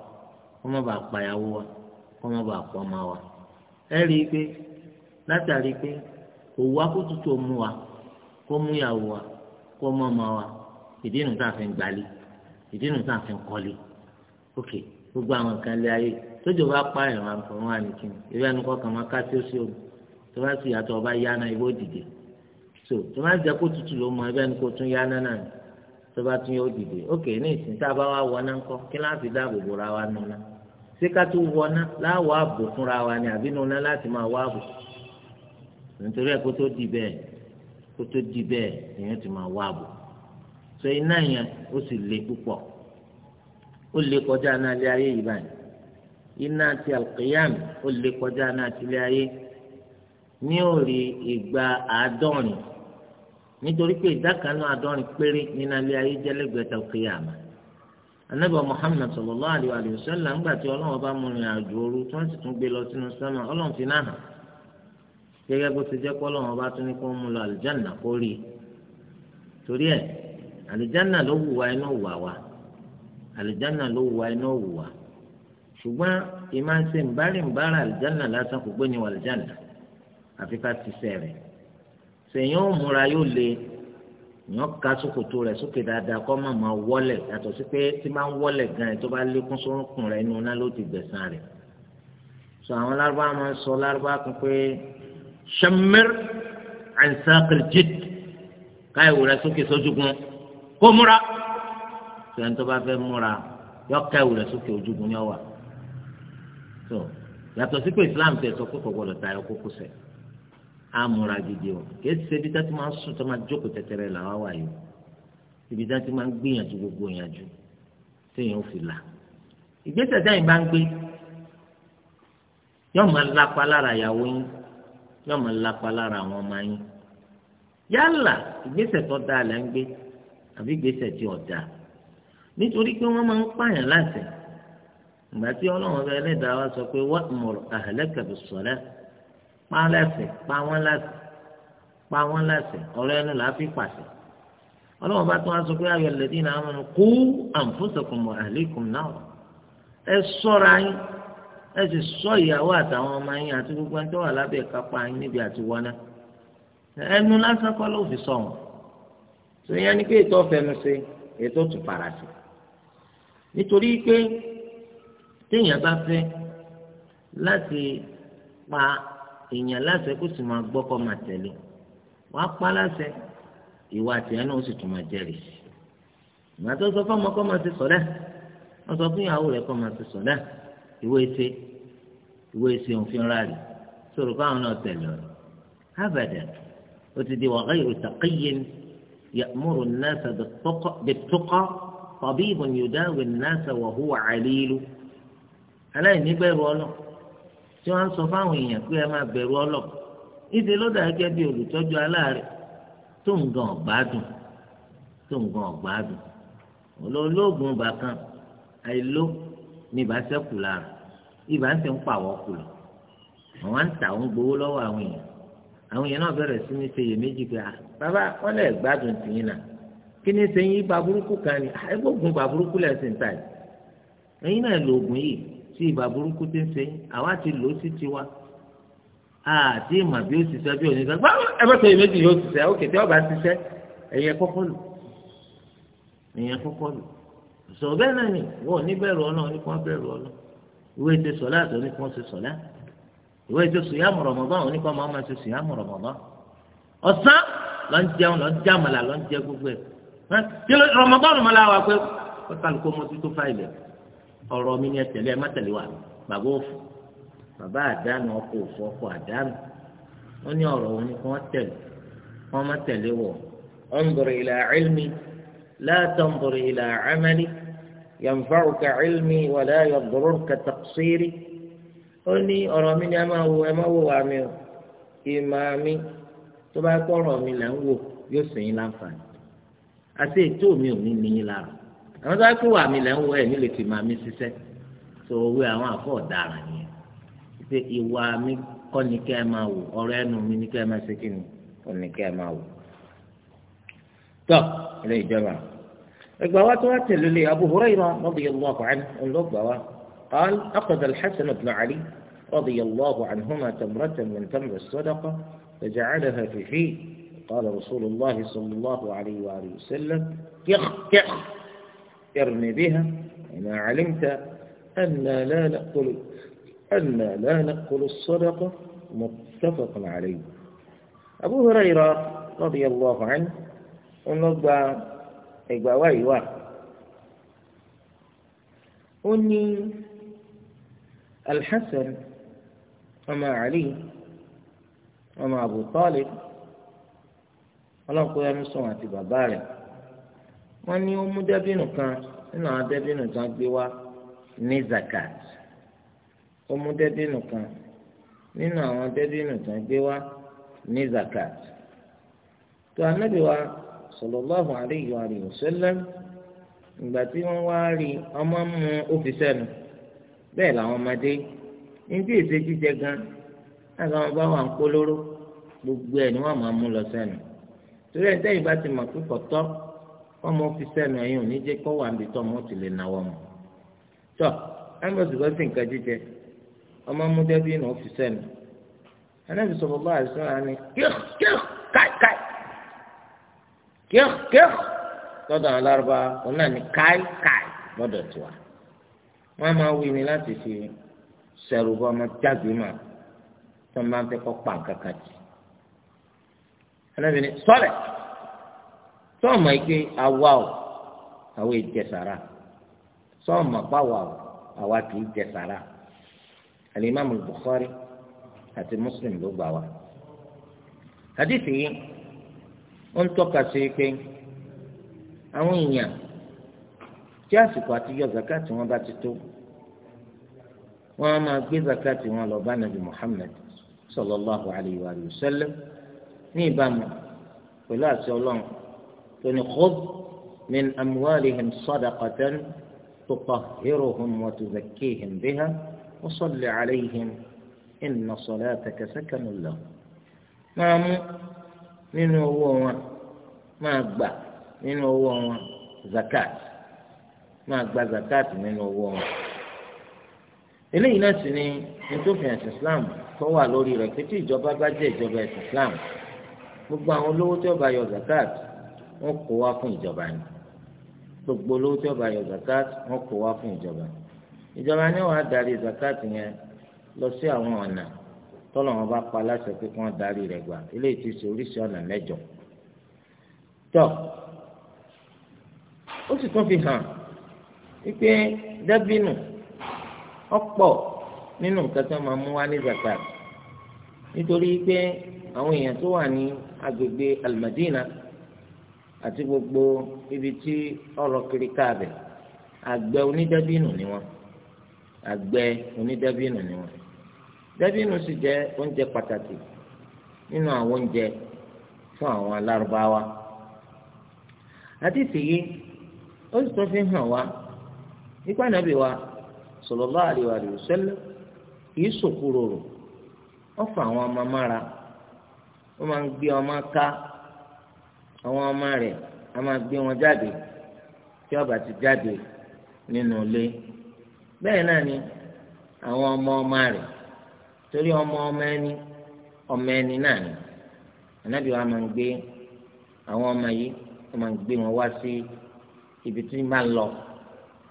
ọmọ bá pa ìyàwó ẹ rí i pé látàrí pé òwú akótótó mú wa kó mú ìyàwó wa kó mọ ọmọ wa ìdí nu tá a fi ń gbalé ìdí nu tá a fi ń kọ́lé ok gbogbo àwọn nǹkan lé ayé tójò bá pa ẹ̀rọ àǹfọ̀n wa nìkan ìwé ẹnu kọ́kàn máa ká sí òsì omi tó bá sì yàtọ̀ ọba yá náà ìwé òdìdè so tó bá jẹ́ kó tutù ló mọ ẹgbẹ́ ẹnu kó tún yá náà náà tó bá tún yóò dìde ok ní ìsìn tá a bá wà wọ náà ńkọ́ kí láti dáàbò bò ra wa nù náà ṣé ká tó wọná láwọ ààbò fúnra wa ni àbí nuná láti máa wá ààbò nítorí ẹ kó tó di bẹ́ẹ̀ kó tó di bẹ́ẹ̀ èèyàn ti máa wá ààbò sọ iná yẹn ó sì le púpọ̀ ó le kọjá náà lé ayé yìí báyìí iná ti alqiyam ó lè kọjá náà tilé ayé ní òòrì ìgbà àádọ́rin nítorí pé ìdá kan náà àádọ́rin péré nínú alẹ́ ayé jẹ́lẹ́gbẹ̀ẹ́ alqiyam anabi muhammed sallallahu alayhi wa sallam ńgbà tí ọlọ́run bá mú rìn àjò òru tí wọ́n sì tún gbé lọ sínú sánmà ọlọ́run fi náà hàn gẹ́gẹ́ bó ti jẹ́ pé ọlọ́run bá tún ní kó mú lọ àlìjáná kó rí i torí ẹ̀ àlìjáná ló wù wá iná wù wá àlìjáná ló wù wá iná wù wá ṣùgbọ́n ìmáa ń ṣe ńbárì ńbárà àlìjáná lásán kò gbé ni wà àlìjáná àfi ká ti sẹ̀rẹ̀ sèyàn ò múra yóò le èèyàn ka ṣòkòtò rẹ̀ sókè dáadáa kó má máa wọlẹ̀ yàtọ̀ sí pé tí máa ń wọlẹ̀ gan ẹ̀ tó bá lékún sórúnkùn rẹ̀ inú náà ló ti gbẹ̀san rẹ̀ sọ àwọn lárúbá máa ń sọ lárúbá kan pé shamir ansakir káyọ̀ rẹ̀ sókè sójúgun kó múra sọ̀rọ̀ tó bá fẹ́ múra yọ káyọ̀ rẹ̀ sókè ojúgun yọ wà yàtọ̀ sí pé Islam tẹ̀ sọ pé kò gbọdọ̀ tayọ kókó sẹ́yìn àmúra gidi o kìí ṣe ibi tá ti máa ń sùn tó máa jókòó tẹtẹrẹ làwa wà yìí ibi tá ti máa ń gbìyànjú gbogbo ìyànjú téèyàn ò fi là ìgbésẹ̀ táyìn bá ń gbé yóò máa lápá lára ìyàwó yín yóò máa lápá lára àwọn ọmọ yín yálà ìgbésẹ̀ tó dáa lẹ́ ń gbé àbí ìgbésẹ̀ tí ò dáa nítorí pé wọ́n máa ń pààyàn láti ìgbà tí ọlọ́run ọba ẹlẹ́dàá wa sọ pé wa'mur ahlaka bis-salah pa á láṣẹ pa wọ́n láṣẹ pa wọ́n láṣẹ ọ̀rọ̀ ẹnu là á fi pàṣẹ ọlọ́wọ́n bá tún wá sọ pé ayọ̀ lẹ́dí náà mọ̀ kú àǹfọ̀sọ̀kùn mọ̀ àlékún náà ẹ sọ́ra yín ẹ sì sọ ìyàwó àtàwọn ọmọ yín àti gbogbo ẹni tó wà lábẹ́ ìkápá yín níbi àti wọná ẹnu lásán kọ́ ló fi sọ wọn tó yẹn ni pé ètò ọ̀fẹ́nu ṣe ètò tún fara nítorí pé téèyàn bá fẹ́ láti pa èèyàn láṣẹ kó sì máa gbọ́ kó máa tẹ̀lé wàá pa láṣẹ ìwà àtìyẹ náà ó sì tún máa jẹ́rìí sí i ìgbà tó sọ fọ́mọ kó máa ti sọ̀dá wọ́n sọ fún ìyàwó rẹ̀ kó máa ti sọ̀dá ìwé ṣe ìwé ṣe òfin ráàlì sọ̀rọ̀ káwọn náà tẹ̀lé ọ̀rọ̀ ábàdà ó ti di wàhálà ìrùtàkìyìn يأمر الناس بالتقى, بالتقى طبيب يداوي الناس وهو عليل ألا يبير tí wọ́n ń sọ fáwọn èèyàn pé ẹ máa bẹ̀rù ọlọ́ọ̀ ìdè lọ́dà gẹ́gẹ́ bí olùtọ́jú aláàrẹ̀ tó ń gan ọ̀gbádùn tó ń gan ọ̀gbádùn olóògùn ibà kan àìló ni ibà sẹ́kù lára ibà ń tẹ̀ ń pàwọ́ kù lọ àwọn ń tà ń gbowó lọ́wọ́ àwọn èèyàn àwọn èèyàn náà bẹ̀rẹ̀ sí ní ṣeyè pé ah, bàbá wọn lè gbádùn tì yín náà kí ni ṣe yín burúkú kan ni ah, ẹgbẹ́ ògùn ibà burúkú lẹ̀ sí ń ta yìí ẹ̀yin náà lo ògùn yìí sí ìbà burúkú tí ń ṣe àwa ti lò ó sí tiwa àti ìmọ̀ bí ó ṣiṣẹ́ bí òní sọ báwo ẹgbẹ́sọ̀ yìí méjì yóò ṣiṣẹ́ òkè tí ọba ṣiṣẹ́ ẹ̀yẹ kọ́kọ́ lò ẹ̀yẹ kọ́kọ́ lò sọ bẹ́ẹ̀ náà ni wọ́n ní bẹ̀rù ọlọ́run ní kàn bẹ̀rù ọlọ́run ìwé ti sọ̀lá àti oní kàn ṣe sọ̀lá ìwé ti sùyàmù Ramadan oní kàn máa ma ṣe sùyàmù Ramadan ọ̀sán lọ ń jẹun lọ ń jẹ àmàlà lọ ń jẹ gbogbo ẹ̀ Ramadan ọ̀rọ̀ mi ni ẹ tẹ̀lé ẹ má tẹ̀lé wa bàbá òfò bàbá àdánù ọkọ̀ òfò ọkọ̀ àdánù wọ́n ní ọ̀rọ̀ òun ni kí wọ́n tẹ̀lé wọ́n má tẹ̀lé wọ̀ انظر إلى علمي لا تنظر إلى عملي ينفعك علمي ولا يضرك تقصيري ó ní ọ̀rọ̀ mi ni ẹ máa wo ẹ máa wo wà mí o ìmọ̀ mi tó bá kọ́ ọ̀rọ̀ mi là ń wò yóò sìn yín láǹfààní àti ètò mi ò ní ní yín lára àwọn tó bá pé wà mí lẹ́ ń wọ ẹ̀ nílé tì máa mi ṣiṣẹ́ tó owó àwọn àfọ̀ le yẹn pé ìwà mi sise to wi awon afo odaran yen pe iwa mi ko ni kẹ́ ẹ máa wò ọ̀rọ̀ ẹnu mi ni kẹ́ ẹ máa ṣe kí ni kọ́ ni kẹ́ ẹ máa wò. tọ́ ilé ìjọba ẹgbà wa tó wá tẹ̀lé lé Abu Hurayra radiyallahu anhu ọlọ́gbà wa قال أخذ الحسن بن علي رضي الله عنهما تمرة من تمر الصدقة فجعلها في فيه قال رسول الله صلى الله عليه وآله وسلم كخ كخ يرمي بها إذا علمت أن لا نأكل أن لا نأكل الصدقة متفق عليه أبو هريرة رضي الله عنه ونضع إقباوي واحد أني الحسن وما علي وما أبو طالب ولو قلنا yẹnu sọ̀rọ̀ àti wọ́n ní ó mú dẹ́bìnù kan nínú àwọn dẹ́bìnù tí wọ́n gbé wá ní zakat ó mú dẹ́bìnù kan nínú àwọn dẹ́bìnù tí wọ́n gbé wá ní zakat tó anábì wa sallallahu alayhi wa sallam ìgbà tí wọ́n wá rí ọmọ mú ọ́fíìsì ẹnu bẹ́ẹ̀ làwọn ọmọdé ní bí èsè jíjẹ gan láti àwọn bá wà ń polówó gbogbo ẹ̀ ni wọ́n máa mú lọ sẹ́nu torí ẹ̀ ń tẹ́yìn bá ti mọ̀ pé kọ̀tọ́ ọmọ fi sẹ́nu ẹ̀yìn ò ní jẹ́ kó wà níbi tó ọmọ ti lè náwó mọ́ tọ́ ẹnbọ̀sì kan sì ń kan jíjẹ ọmọ mú dẹ́bí ní ó fi sẹ́nu ẹnẹ́bí sọ̀rọ̀ bá àìsàn rà ní kíọ̀ kíọ̀ káìkáì kíọ̀ kíọ̀ lọ́dọ̀ àwọn alárúbá òun náà ní káìkáì lọ́dọ̀ tiwa wọ́n máa wí ni láti fi sẹ̀rù bọ́ ọmọ jágbe mà tó máa ń fẹ́ kọ́ pa nǹkan kan jì ẹnẹ́bí ní sọ́lẹ̀ sọ́ọ̀mọ̀ ike awa o àwọn ìjẹsàrà sọ́ọ̀mọ̀ pàwọ̀ o àwa kì í alimami Bukhari àti Muslim ló gbà wá. hadith yìí ó ń tọ́ka sí pé àwọn èèyàn tí àsìkò àti yọ zakati wọn bá ti tó wọn á máa gbé zakati wọn lọ bá nàbì Muhammad sallallahu alayhi wa sallam ní ìbámu pẹ̀lú àti ọlọ́run. يعني خذ من أموالهم صدقة تطهرهم وتزكيهم بها وصل عليهم إن صلاتك سكن لهم نعم من هو ما أقبع من هو زكاة ما أقبع زكاة من هو إلي ناس إنتو في الإسلام فهو لوري ركتي جوبا بجي جوبا الإسلام مقبع لوري جوبا يو زكاة wọ́n kó wá fún ìjọba ni gbogbo olówó tí ọba yọ zakat wọ́n kó wá fún ìjọba ìjọba ni wọ́n á zakat yẹn lọ sí àwọn ọ̀nà tọ́lọ̀ wọn bá pa aláṣẹ pé kí wọ́n darí rẹ̀ gbà eléyìí ti ṣe oríṣi ọ̀nà mẹ́jọ. tọ́ ó sì tún fi hàn wípé dẹ́bínù ọ̀pọ̀ nínú nǹkan tó máa mú wá ní zakat nítorí pé àwọn èèyàn tó wà ní agbègbè almadina. àti gbogbo ibi tí ọrọ kiri káàbẹ̀ àgbẹ̀ onídàbínù ni wọn àgbẹ̀ onídàbínù ni wọn dàbínù sì jẹ oúnjẹ pàtàkì nínú àwọn oúnjẹ fún àwọn alárúbáwá ó sì tún fi hàn wá nípa nàbí wa sallallahu alaihi kìí sòkúròrò àwọn ọmọ mára máa ń gbé ọmọ ká. àwọn ọmọ rẹ̀ a máa gbé wọn jáde tí ọba ti jáde nínú ilé bẹ́ẹ̀ náà ni àwọn ọmọ ọmọ rẹ̀ torí ọmọ ọmọ ẹni ọmọ ẹni náà ni ànábì wa máa ń gbé àwọn ọmọ yìí wọ́n máa ń gbé wọn wá sí ibi tí wọ́n máa ń lọ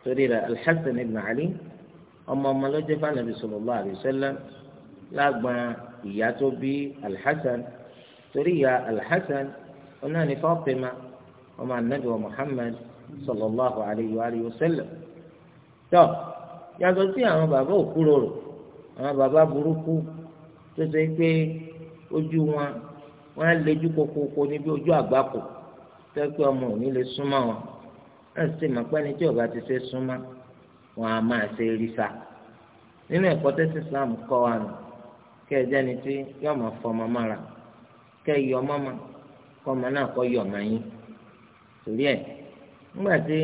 torí rẹ̀ alḥasan ibn ali ọmọ ọmọ ló jẹ́ fanabi sallallahu alaihi lágbọn ìyá tó bí alḥasan torí ìyá alḥasan náà ní Fátímà ọmọ anabi wa Muhammad sallallahu alayhi wa alihi wa sallam tó yàtọ̀ sí àwọn bàbá òkúròrò àwọn bàbá burúkú tó ṣe pé ojú wọn wọn á lejú kokoko níbi ojú àgbákò tó pé ọmọ òní lè súnmọ́ wọn náà sì mọ̀ pé ẹni tí ọba ti ṣe súnmọ́ wọn a máa ṣe rí sa nínú ẹ̀kọ́ tẹ́sí Islam kọ́ wa nù kẹ́ ẹ tí yọ̀ọ́ máa fọ ọmọ mára kẹ́ yọ ọmọ máa kọ́mọ náà kọ́ yọ̀ ọmọ yín torí ẹ̀ nígbà tí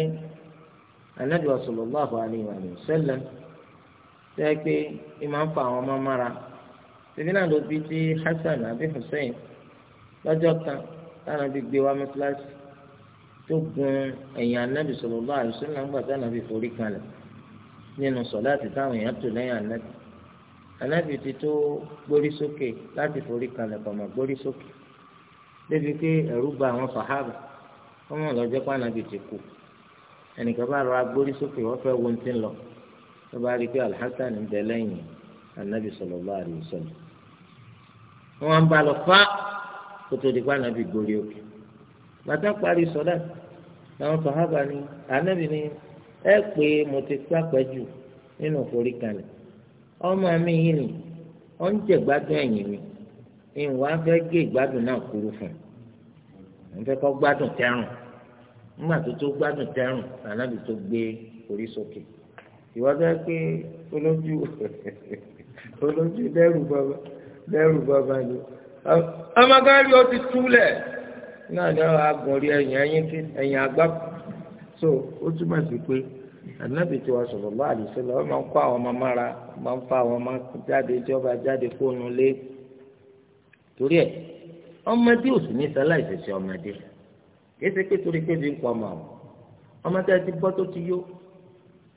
anabi sallallahu alaihi wa sallam tẹ́ ẹ pé ẹ máa ń fa àwọn ọmọ mára tèmi náà ló bí tí Hasan àbí Hussein lọ́jọ́ kan táwọn àbí gbé wá mọ́tíláṣí tó gun ẹ̀yìn anabi sallallahu alaihi wa sallam nígbà táwọn àbí forí kalẹ̀ nínú sọ̀lá àti táwọn èèyàn tò lẹ́yìn anabi anabi ti tó gbórí sókè láti forí kalẹ̀ kọ̀mọ̀ gbórí sókè débi pé ẹ̀rù bà àwọn sàhábà ọmọ ọlọ́jọ́ pa ànábì ti kú ẹnìkan bá rọra gbórí sókè wọ́n fẹ́ wo ní ti ń lọ tó bá rí i pé alhassan ń bẹ lẹ́yìn anabi sallallahu alaihi wasallam wọ́n ń bá lọ fá kótó dípá anabi gbórí òkè bàtà parí sọ́dà làwọn sàhábà ni anabi ni ẹ pé mo ti pàpẹ́ jù nínú forí kalẹ̀ ọmọ mi yìí ni ó ń jẹ̀gbádùn ẹ̀yìn mi ìwà fẹ́ gé ìgbádùn náà kúrú fún un fẹ́ kọ́ gbádùn tẹ́rùn nígbà tó tó gbádùn tẹ́rùn ànábì tó gbé orí sókè ìwà fẹ́ pé olójú (laughs) olójú dẹ́rù bàbá dẹ́rù bàbá ni amagárí ó ti túlẹ̀ náà ni wọ́n á gùn orí ẹ̀yìn ẹ̀yìn tí ẹ̀yìn àgbà so ó túmọ̀ sí pé ànábì tí wọ́n sọ̀rọ̀ lọ́wọ́ àdìsẹ́ lọ́wọ́ máa ń kó àwọn ọmọ mára máa ń fa àwọn ọmọ jáde tí wọ́n bá jáde kó nu lé torí ẹ ọmọdé ò sì ní sáláì ṣẹṣẹ ọmọdé kéṣe pé torí pé bí ń pọ ọmọ ọ ọmọdé ti bọ́ tó ti yó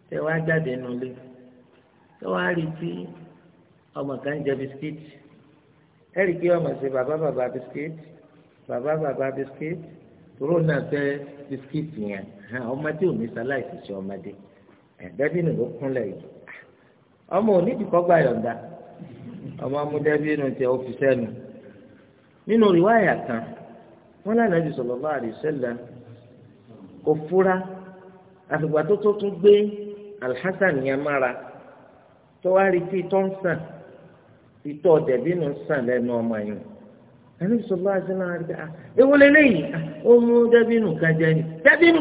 tẹ wá jáde nulẹ tẹ wá rí tí ọmọ kan jẹ bisikíìtì ẹ rí pé ọmọ ṣe bàbá bàbá bisikíìtì bàbá bàbá bisikíìtì tóró náà fẹ́ bisikíìtì yẹn ọmọdé ò ní sáláì ṣẹṣẹ ọmọdé ẹ̀dẹ́bí ni ló kúnlẹ̀ yìí ọmọ onídìí kọ́ yọ̀ǹda ọmọ amúdẹ́bí nu tiẹ̀ ó fi nínú rìwáyà kan wọn lánàá ju sallallahu alaihi wasallam kò fura àfìgbà tó tó tún gbé alhassan yẹn mára tó wá rí tí tó ń sàn ìtọ́ dẹ̀bí nù sàn lẹ́nu ọmọ yẹn ẹni sallallahu alaihi wasallam àrídà ah, ewu ah, ó mú nù kan jẹ ni nù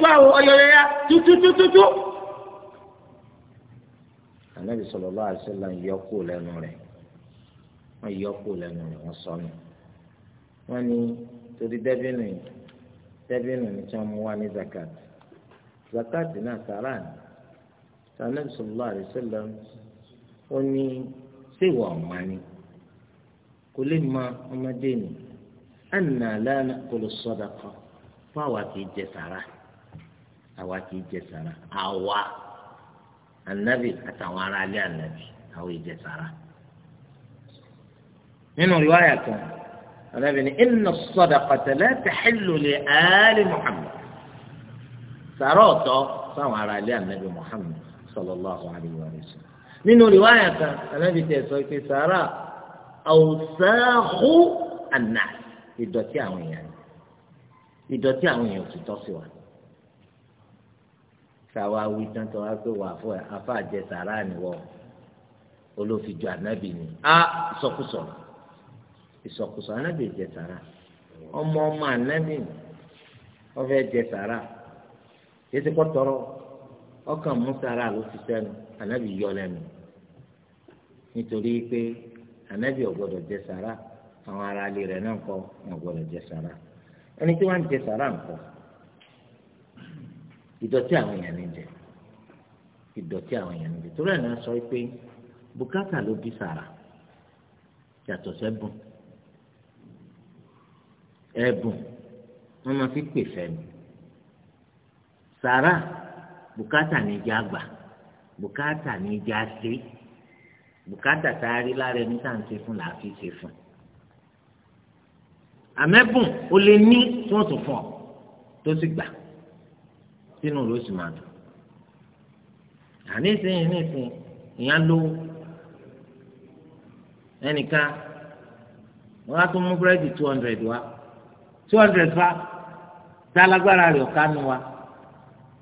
sọ wọ́n ní torí dẹ́bìnù yìí dẹ́bìnù ni tí wọ́n mú wá ní zakat zakat náà sàrà ni sànẹ́bí sọlá àdìsẹ́lẹ̀ ó ní séwà ọ̀ma ni kò lè ma ọmọdé ni ànà lánà kòló sọdà kan fún àwa kì í jẹ sàrà àwa kì í jẹ sàrà àwa ànábì àtàwọn aráalé ànábì àwọn ìjẹ nínú ìwáyà kan. Ànábì ní inna sadaqata la tahillu li ali Muhammad sàrà ọ̀tọ̀ sáwọn ará ilé Ànábì Muhammad sallallahu alayhi wa sallam nínú riwaya kan Ànábì tẹ̀ sọ pé sàrà awsakhu an-nas ìdọ̀tí àwọn èèyàn ìdọ̀tí àwọn èèyàn ti tọ́ sí wa sáwa wí tán tó wá pé wà fún ẹ afáàjẹ sàrà nìwọ olófijọ Ànábì ni a sọkúsọ̀rọ̀. ìsọkùsọ anábì jẹ ọmọ ọmọ anábì ọfẹ jẹ sàrà ọkàn mú ló fi sẹnu anábì yọ lẹnu nítorí pé anábì ọgbọdọ àwọn ará ilé rẹ náà kọ ọgbọdọ ẹni tí wọn àwọn èèyàn ní jẹ àwọn èèyàn ní jẹ torí ẹ̀ ẹ̀bùn wọ́n máa fi pè fẹ́ mi sàrà bùkátà ní ìjà gbà bùkátà ní ìjà sí bùkátà tá a rí lára ẹni tá à ń ṣe fún làá fi ṣe fún àmẹ́bùn o lè ní tí wọ́n tún fún ọ tó sì gbà sínú ló sì máa dùn àníṣeyìn níṣìn ìyá lówó ẹnìkan wọ́n á tún mú búrẹ́dì two hundred wá two hundred fa dálágbára rẹ̀ ọ̀ká nu wa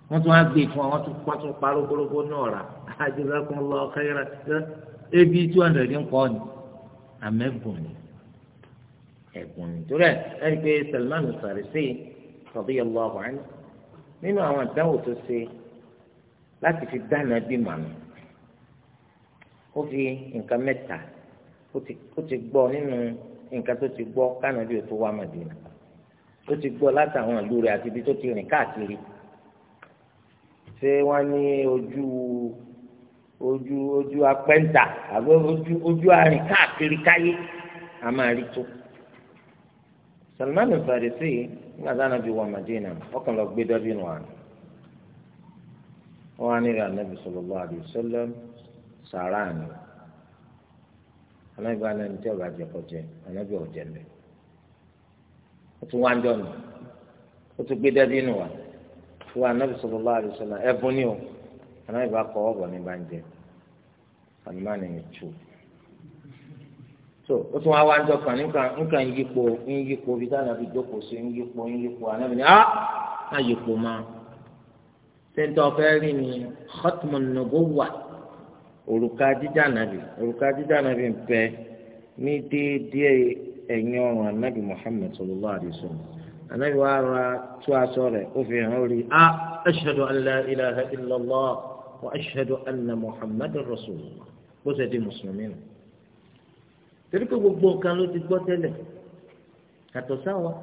wọ́n tún wá gbé fún wa wọ́n tún wọ́n tún parọ́ gbólógbó náà rà jazakumullahu khairan ebi two hundred ń kọ́ ni àmẹ́bùn ni ẹ̀bùn ni torí ẹ̀ ẹni pé Salman Farisi radiyallahu anhu nínú àwọn àdáwò tó ṣe láti fi dáná bí màmú ó fi nǹkan mẹ́ta ó ti gbọ́ nínú nǹkan tó ti gbọ́ kánà bí o tó wá Màdínà ó ti gbọ́ látàwọn ìlú rẹ̀ àti ibi tó ti rìn káàkiri ṣé wọ́n ní ojú ojú ojú apẹ́ńtà àbí ojú ojú arìn káàkiri káyé a máa rí tó. Salman al-Farisi nígbà tí anabi wà Madina ọkàn lọ gbé dọ́bí nù àná wọn á nílò anabi sallallahu alaihi wasallam sàrà àná anabi wa náà tí ọba jẹ kọjẹ anabi ọjẹ mẹ. ó tún wá ń jọ nù ó tún gbé dẹ́bí nù wá fún wa na sallallahu alaihi wasallam ẹ̀bùn ni o anábì bá kọ́ ọ̀bọ̀ ní bá ń jẹ tù so tún wá wá ń jọ kàn nǹkan nǹkan yípo yípo bí táwọn àbí jókòó sí yípo yípo anábì ni ah má yípo rí ni òrùka jíjà nàbì òrùka jíjà ẹ̀yìn ọrùn anabi muhammed sallallahu alayhi wa sallam anabi wa ara tú aṣọ rẹ̀ ó fi hàn rí a ashhadu an la ilaha illallah wa ashhadu anna muhammed rasulullah bó ṣe di mùsùlùmí nù. torí pé gbogbo nǹkan ló ti gbọ́ tẹ́lẹ̀ àtọ̀ sáwọn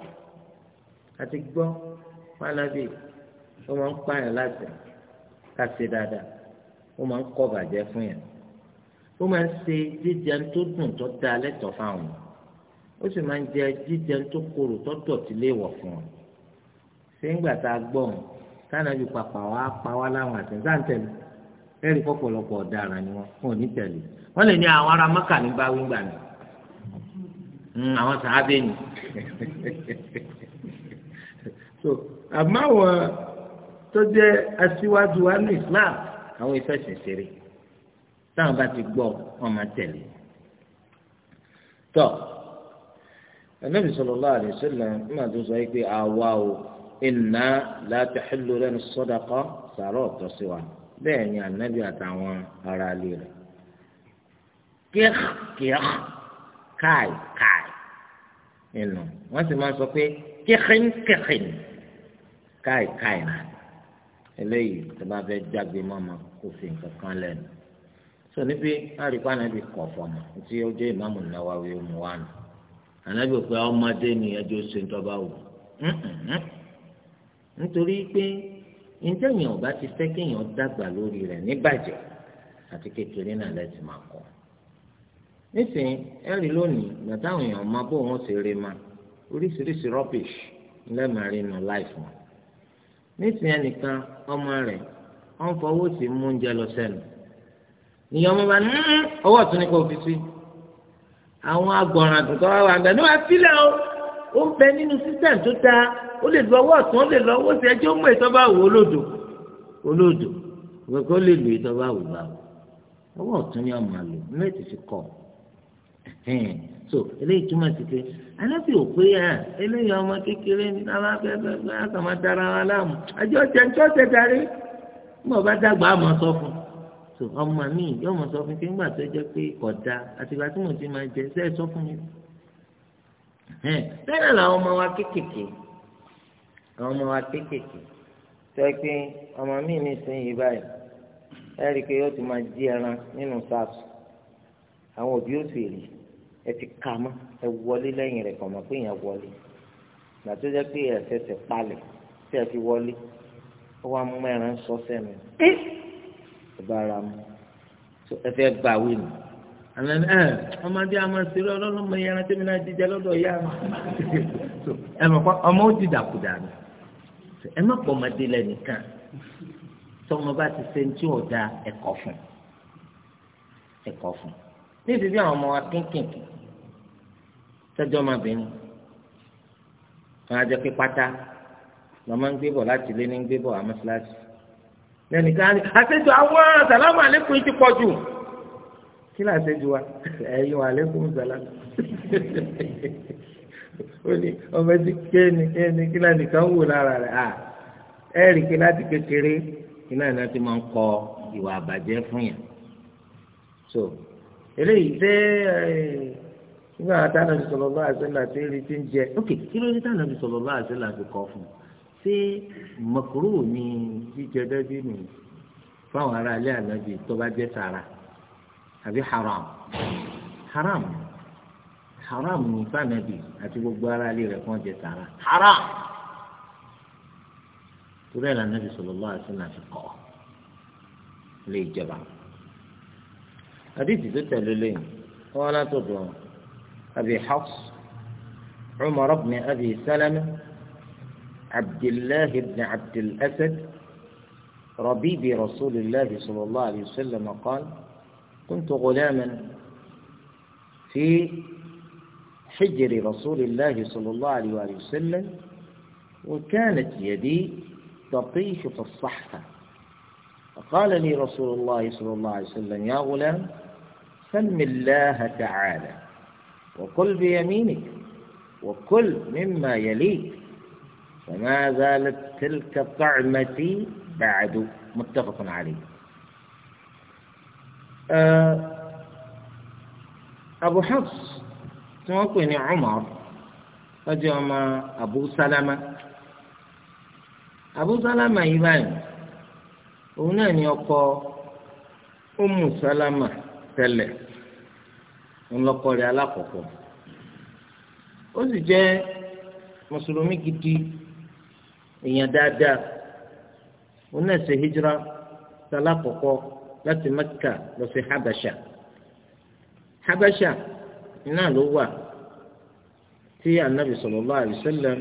àti gbọ́ pálábì ó máa ń pààyàn láti ká dáadáa ó máa ń kọ́ bàjẹ́ fún yàn ó máa ń ṣe jíjẹun tó dùn tó dáa lẹ́tọ̀ọ́ fáwọn ó sì máa ń jẹ jíjẹ tó korò tọ́tọ̀ tí lè wọ̀ fún wọn ṣé ń gbà tá a gbọ́ wọn táwọn ẹbí papà wá pa wá láwọn àtẹ̀sá ń tẹ̀lé ẹ̀rí pọ̀pọ̀lọpọ̀ ọ̀daràn ni wọn wọn ò ní tẹ̀lé wọn lè ní àwọn ará mọ́kà ní báwí gbà ní hmm, àwọn sàábẹ́ ni (laughs) so àmọ́ àwọn tó jẹ́ aṣíwájú wa ní Islam àwọn ìfẹsẹ̀ ṣeré táwọn bá ti gbọ́ wọn máa tẹ̀lé النبي صلى الله عليه وسلم ما تزعيك بآواو إنا لا تحل لنا الصدقة صاروا تصوى بين يعني النبي أتعوان أراليل كيخ كيخ كاي كاي إنه ما تسمى سوكي كيخين كيخين كاي كاي نعم eléyìí tó في fẹ́ jágbe mọ́mọ́ kó fi nǹkan kan lẹ́nu so níbi àríkọ́ ànábì kọ̀ fọ́mọ́ ànábì òpè ọmọdé ni ẹjọ́ ṣe ń tọ́ba wò nítorí pé ìjẹ́yìn ọ̀bá ti fẹ́ kéèyàn dàgbà lórí rẹ̀ níbàjẹ́ àti kékeré náà lẹ́sìn máa kọ́ nísìnyí ẹ̀rí lónìí gbàtàwọn èèyàn máa bó wọn ṣe rí ma oríṣiríṣi rubbish lẹ́ẹ̀mẹ́rin nù láìfù wọn nísìnyí ẹnìkan ọmọ rẹ̀ wọ́n fọwọ́ sí mú oúnjẹ lọ sẹ́nu ìyá ọmọ ní ọwọ́ ọ̀tún ní àwọn agbọràn tuntun wà wà ní wàá filẹ̀ o ó ń bẹ nínú sísẹ̀m tó dáa ó lè ọwọ ọ̀tún ó lè lọ́wọ́ sí ẹjọ́ mú ìtọ́ wò olódò olódò o ó lè lò ìtọ́ wò bá wò ọwọ́ ni ọmọ àlò mẹ́tì so eléyìí túmọ̀ sí pé alábì ò pé ẹ eléyìí ọmọ kékeré ní àtàwọn láàmú àjọ so ọmọ mi yóò mọ sọ fún mi nígbà tó jẹ pé kódà àtìgbà tí mo ti máa jẹ ṣe é sọ fún mi bẹ́ẹ̀ làwọn ọmọ wa kéékèèké àwọn ọmọ wa kéékèèké tó yẹ pé ọmọ mi ní ìsinyìí báyìí ẹ rí i pé yóò ti máa jí ẹran nínú sars àwọn òbí ó sì rí ẹ ti kà mọ́ ẹ wọlé lẹ́yìn rẹ̀ kọ̀mọ́ pé èèyàn wọlé ìgbà tó jẹ́ pé ẹ̀ ṣẹ̀ṣẹ̀ palẹ̀ tí ẹ ti wọlé ó wá mú ẹran sọ sẹ́nu. Eh! kò bára mu ẹ fẹ́ gbà wí nù àmì ẹ ọmọdé àmọ sílẹ̀ ọlọlọmọ yẹn rántí mi náà jíjẹ lọ́dọ̀ ìyá mi ẹ mọ kọ ọmọ ó ti dàkúdà mi ẹ má pọ ọmọdé lẹnìkan tọmọ bá ti ṣe tí ò da ẹ̀kọ́ fún ẹ̀kọ́ fún níbi bí àwọn ọmọ wa kínkìnkì tẹjọ ọmọbìnrin wọn á jẹ pé pátá lọ ń gbé bọ̀ láti lé ní gbé bọ̀ àmọ́ síláṣí lẹ́nìkan ni àṣejù àwọn sàlámù àlékún ti pọ̀ jù kí ni àṣejù wa ẹ̀yin wà àlékún sàlámù (laughs) ó ní ọmọ ẹtí kéènì kéènì kí ni ànìkan wò lára rẹ̀ à ẹ̀rì kí láti kékeré kí ni àná ti máa ń kọ ìwà àbàjẹ́ fún yàn so eléyìí dé nígbà a àti sọlọ bá àṣẹ làtí rí ti ń jẹ ok kí ló dé táwọn àti sọlọ bá àṣẹ làtí kọ fún un ṣé mọ̀kúrú ni jíjẹ dẹ́bí nù fáwọn ará ilé ànábì tó bá jẹ́ sàrà àbí haram haram haram ní fànàbì àti gbogbo ará ilé rẹ̀ kàn jẹ́ sàrà haram torí ẹ̀ lànà bí sallallahu alaihi wasallam fi kọ́ lè jẹba àdìsí tó tẹ̀lé lẹ́yìn wọn látọ̀dọ̀ àbí Hafs Umar ibn Abi Salama. عبد الله بن عبد الأسد ربيب رسول الله صلى الله عليه وسلم قال كنت غلاما في حجر رسول الله صلى الله عليه وآله وسلم وكانت يدي تطيش في الصحفة فقال لي رسول الله صلى الله عليه وسلم يا غلام سم الله تعالى وكل بيمينك وكل مما يليك وما زالت تلك طعمتي بعد متفق عليه أبو حفص توقيني عمر فجأة أبو سلمة أبو سلمة يبان هناك يقول أم سلمة tẹ́lẹ̀ ńlọkọ rẹ̀ alákọ̀ọ́kọ́ ó sì مسلمي mùsùlùmí èèyàn dáadáa òun náà ṣe hijira sálá kọ̀kọ́ láti Mẹ́kà lọ sí Habasha Habasha náà ló wà tí anabi sallallahu alaihi wasallam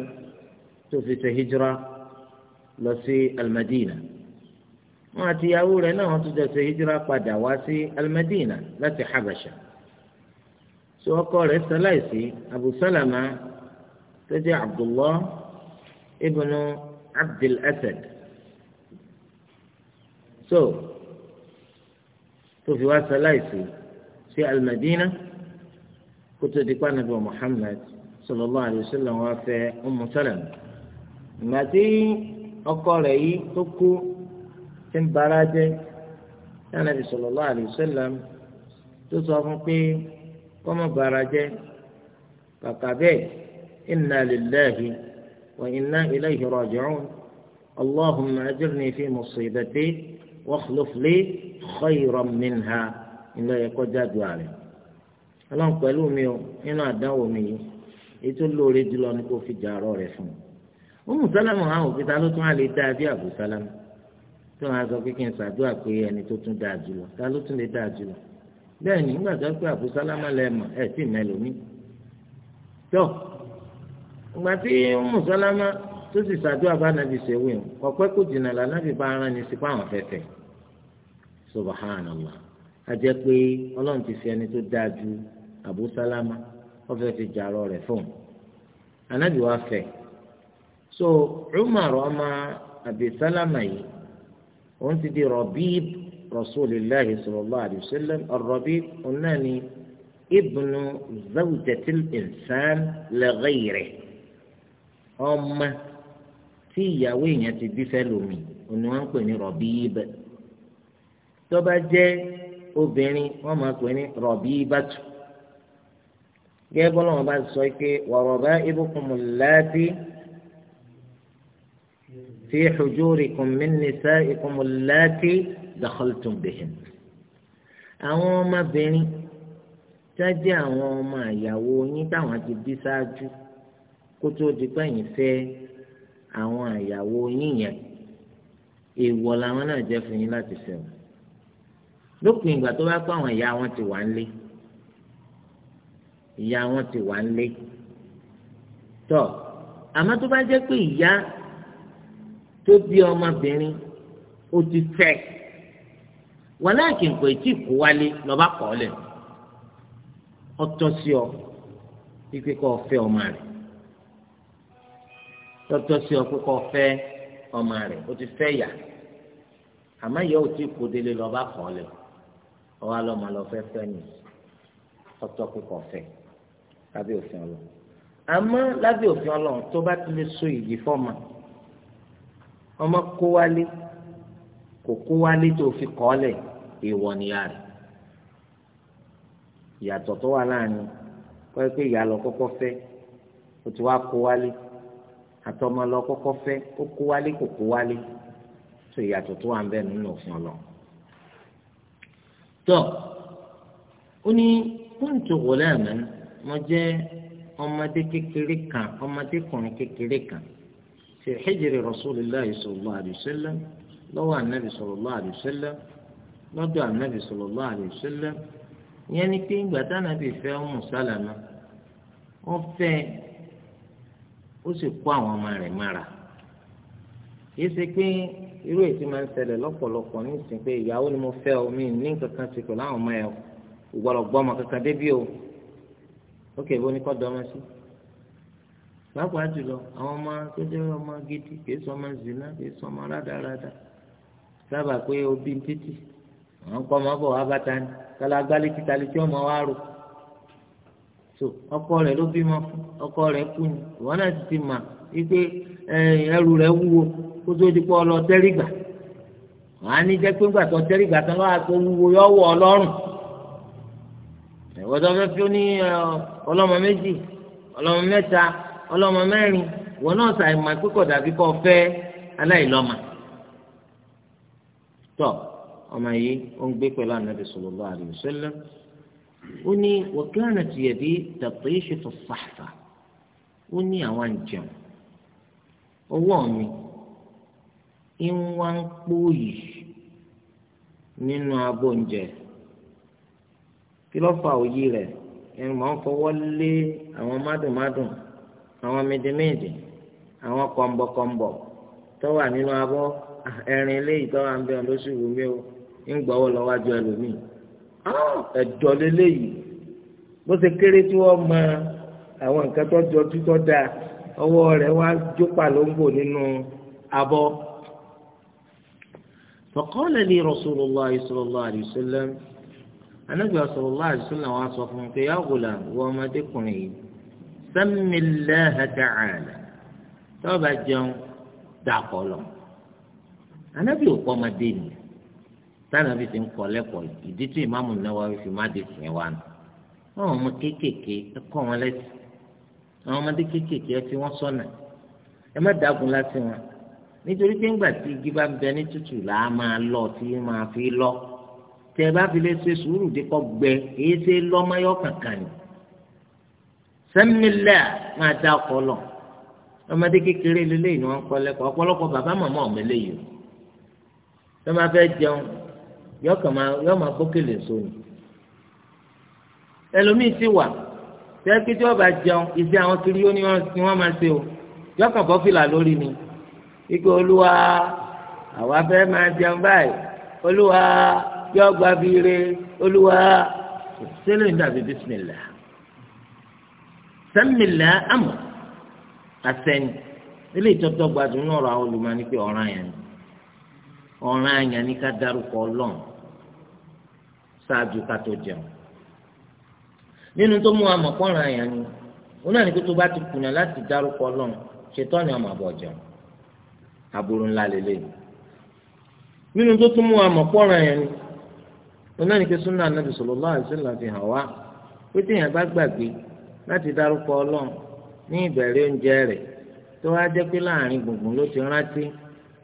tó fi ṣe hijira lọ sí Al-Madina wọn àti ìyàwó rẹ̀ náà wọn tún jọ ṣe hijira padà wá sí al láti Habasha tí ọkọ rẹ̀ sọláìsì Abu Salama tó jẹ́ Abdullah. ابن عبد الأسد سو so, في واسا لايسي في المدينة كنت ديكوان نبي محمد صلى الله عليه وسلم وفي أم سلم، ماتي أقول أي تكو تنبراجة النبي صلى الله عليه وسلم تصافقي كم براجة فقابل إنا لله وإنا إليه راجعون اللهم أجرني في مصيبتي واخلف لي خيرا منها إلا يكون جاد عليه ọlọ́run pẹ̀lú mi o nínú àdánwò mi yìí ètò lóore jùlọ ni kò fi jà ọ̀rọ̀ rẹ̀ fún un ọmọ sálámù àwọn òkúta ló tún á lè dáa bí àbò sálámù tó wọn sọ pé kí n ṣàdúrà pé ẹni tó tún dáa jùlọ ta ló tún lè dáa jùlọ bẹ́ẹ̀ ni nígbà tó pé àbò sálámù lẹ́ẹ̀mọ̀ ẹ̀ sì mẹ́lòmíì tó ìgbà tí mùsọ́lámà tó sì ṣàdúrà bá nàbì ṣèwé o ọ̀pẹ́ kò jìnnà lànàbì bá ara ní sípò àwọn fẹ́fẹ́ subhanallah a jẹ́ pé ọlọ́run ti fi ẹni tó dáa ju àbú sálámà wọ́n fẹ́ fi jàrọ̀ rẹ̀ fún un ànábì wa fẹ́ so Umar ọmọ àbí yìí òun ti di Rabib rasulillahi sallallahu alayhi wa sallam ar òun náà ni ibnu zawjatil insan li ọmọ tí ìyàwó èèyàn ti bí fẹ́lòmíì òní wọ́n ń pè ní rọ̀bíìbà tó bá jẹ́ obìnrin wọ́n máa pè ní rọ̀bíìbàtù gẹ́gẹ́ bọ́lá wọn bá sọ pé wàrọ̀bá ibùkún láti fi hujurikum min nisaikum láti dakhaltum bihin àwọn ọmọbìnrin tá àwọn ọmọ àyàwó yín táwọn ti bí ṣáájú kó tó di pẹ́yìn fẹ́ àwọn àyàwó yín yẹn èèwọ̀ làwọn náà jẹ́ fún yín láti fẹ́ wọn lópin ìgbà tó bá pé àwọn ìyá wọn ti wà ń lé ìyá wọn ti wà ń lé tọ àmọ́ tó bá jẹ́ pé ìyá tó bí ọmọbìnrin ó ti fẹ́ wọn náà kì í pè tí kò wálé lọ́ba kọ́ ọtọ́ sí ọ wípé kọ́ fẹ́ ọmọ rẹ̀ tọ́tọ́ sí ọ pé kọ́ fẹ́ ọmọ rẹ̀ ó ti fẹ́ yà àmọ́ ìyá ò tí ì kó délé lọ bá kọ́ lẹ̀ ọwọ́ alọ́mọ lọ fẹ́ fẹ́ nì ọtọ́ pé kọ́ fẹ́ lábẹ́ òfin ọlọ́run àmọ́ lábẹ́ òfin ọlọ́run tó bá ti lè so ìyí fọ́ọ̀mà ọmọ kó wálé kò kó wálé tó fi kọ́ lẹ̀ èèwọ̀ nìyá rẹ̀ ìyàtọ̀ tó wà láàrin kọ́ ẹ pé ìyá lọ kọ́kọ́ fẹ́ ó ti wá kó wálé àtọmọ lọ kọ́kọ́ fẹ́ ó kó wálé kò kó wálé tó ìyàtọ̀ tó wà ń bẹ nínú òfin ọlọ. tó ó ní kóńtò wọlé àná mo jẹ ọmọdé kékeré kan ọmọdékùnrin kékeré kan fi hijri rasulillah sallallahu alaihi wasallam lọ́wọ́ anabi sallallahu alaihi wasallam lọ́dọ̀ anabi sallallahu alaihi wasallam ìyẹn ni pé ìgbà tá anabi fẹ́ Ummu Salama wọ́n fẹ́ ó sì kó àwọn ọmọ rẹ̀ mára yìí ṣe pé irú ètí máa ń ṣẹlẹ̀ lọ́pọ̀lọpọ̀ nísìnyí pé ìyàwó ni mo fẹ́ o mi ní nǹkan kan ṣe pẹ̀lú àwọn ọmọ ẹ̀ o gbọ́dọ̀ gbọ́ ọmọ kankan débí o ó kè bó ní kọ́ dọ́mọ sí pàápàá jùlọ àwọn ọmọ tó jẹ́ ọmọ gidi kìí sọ ọmọ zina kìí sọ ọmọ rádaràda sábà pé obi ń títì àwọn kọ́ ọmọ bọ̀ wá bàtà ni kálá gbálẹ̀ títà létí ọmọ wa rò so ọkọ rẹ ló bímọ ọkọ rẹ kú ni ìwọ náà ti ti mà wípé ẹrù wúwo kó tó di pọ lọ tẹrígbà wàá ní jẹ pé ńgbà tó tẹrígbà tán lọ́wọ́ àti wúwo yọ wọ ọlọ́rùn ìwọ tó fẹ́ fi ó ní ọlọ́mọ méjì ọlọ́mọ mẹ́ta ọlọ́mọ mẹ́rin náà ṣàìmọ̀ pípọ̀ ó ní wọ́kílánà tìyẹ̀dí tàbí ṣètò sàfà ó ní àwọn jẹun ọwọ́ mi ń wá ń pòyì nínú abọ́ oúnjẹ kí ló fa òyì rẹ̀ ẹnu máa ń fọwọ́ lé àwọn mádùnmádùn àwọn mìdìmìdì àwọn kọ̀m̀bọ̀kọ̀m̀bọ̀ tó wà nínú abọ́ ah, ẹ̀rìn eléyìí tó wà ń bẹ̀rù lóṣù wù mí o ń gbọ́wọ́ lọ́wọ́ àjọ ẹlòmíì. Ah! ẹ̀dọ́ lélẹ́yìí bó ṣe kéré tí wọ́n mọ àwọn nǹkan tó jọ tó tọ́ da ọwọ́ rẹ̀ wá jópa ló ń bò nínú abọ́. فقال لي رسول الله صلى الله عليه وسلم النبي صلى الله عليه وسلم وصفه يا غلام وما تكوني سم الله تعالى tọ́ba jẹun dà kọlọ̀ anábì ò kọ́ ọmọdé ni tánàbí ti ń kọ́ lẹ́kọ̀ọ́ ìdí tí ìmáàmù Nawawi fi má di sìn wa nù àwọn ọmọ kéékèèké ẹ kọ́ wọn lẹ́sìn àwọn ọmọdé kéékèèké ẹ fi wọ́n sọ́nà ẹ má dàgùn láti wọn nítorí pé ńgbà tí igi bá ń bẹ ní tútù là á máa lọ tí máa fi lọ tẹ ẹ bá fi lè ṣe sùúrù dé kọ gbẹ èyí ṣe lọmọyọ kankan ni sẹmílẹ máa dá ọkọ lọ ọmọdé kékeré lélẹyìn ni wọn kọ́ lẹ́kọ̀ọ́ ọ̀pọ̀lọpọ̀ bàbá màmá ọmọ eléyìí tó yọ máa bókèlè sóni ẹlòmíì sì wà tẹ́kí tí wọ́n bá jẹun ìṣe àwọn kiri ó ní wọ́n máa ṣe o yọ kàn bọ́ fìlà lórí ni ike olúwa àwa fẹ́ máa jẹun báyìí olúwa yọ gba biire olúwa sẹ́lẹ̀ ń dàbí bísímìlà sẹ́mìlà àmọ̀ àsẹ́ni ilé ìtọ́tọ́ gbadun náà rọ àwọn olùmọ̀ ní pé ọ̀ràn yẹn ni. ọ̀ràn àyàn ni ká dárúkọ ọlọ́run ṣáájú ká tó jẹun nínú tó mú amọ̀kọ́ràn àyàn ni wọn náà ní kó tó bá ti kùnà láti dárúkọ ọlọ́run ṣètọ́ ni ọmọ àbọ̀ jẹun aburú ńlá lélẹ́yìn nínú tó tún mú àyàn ni wọn náà ní kó fi hàn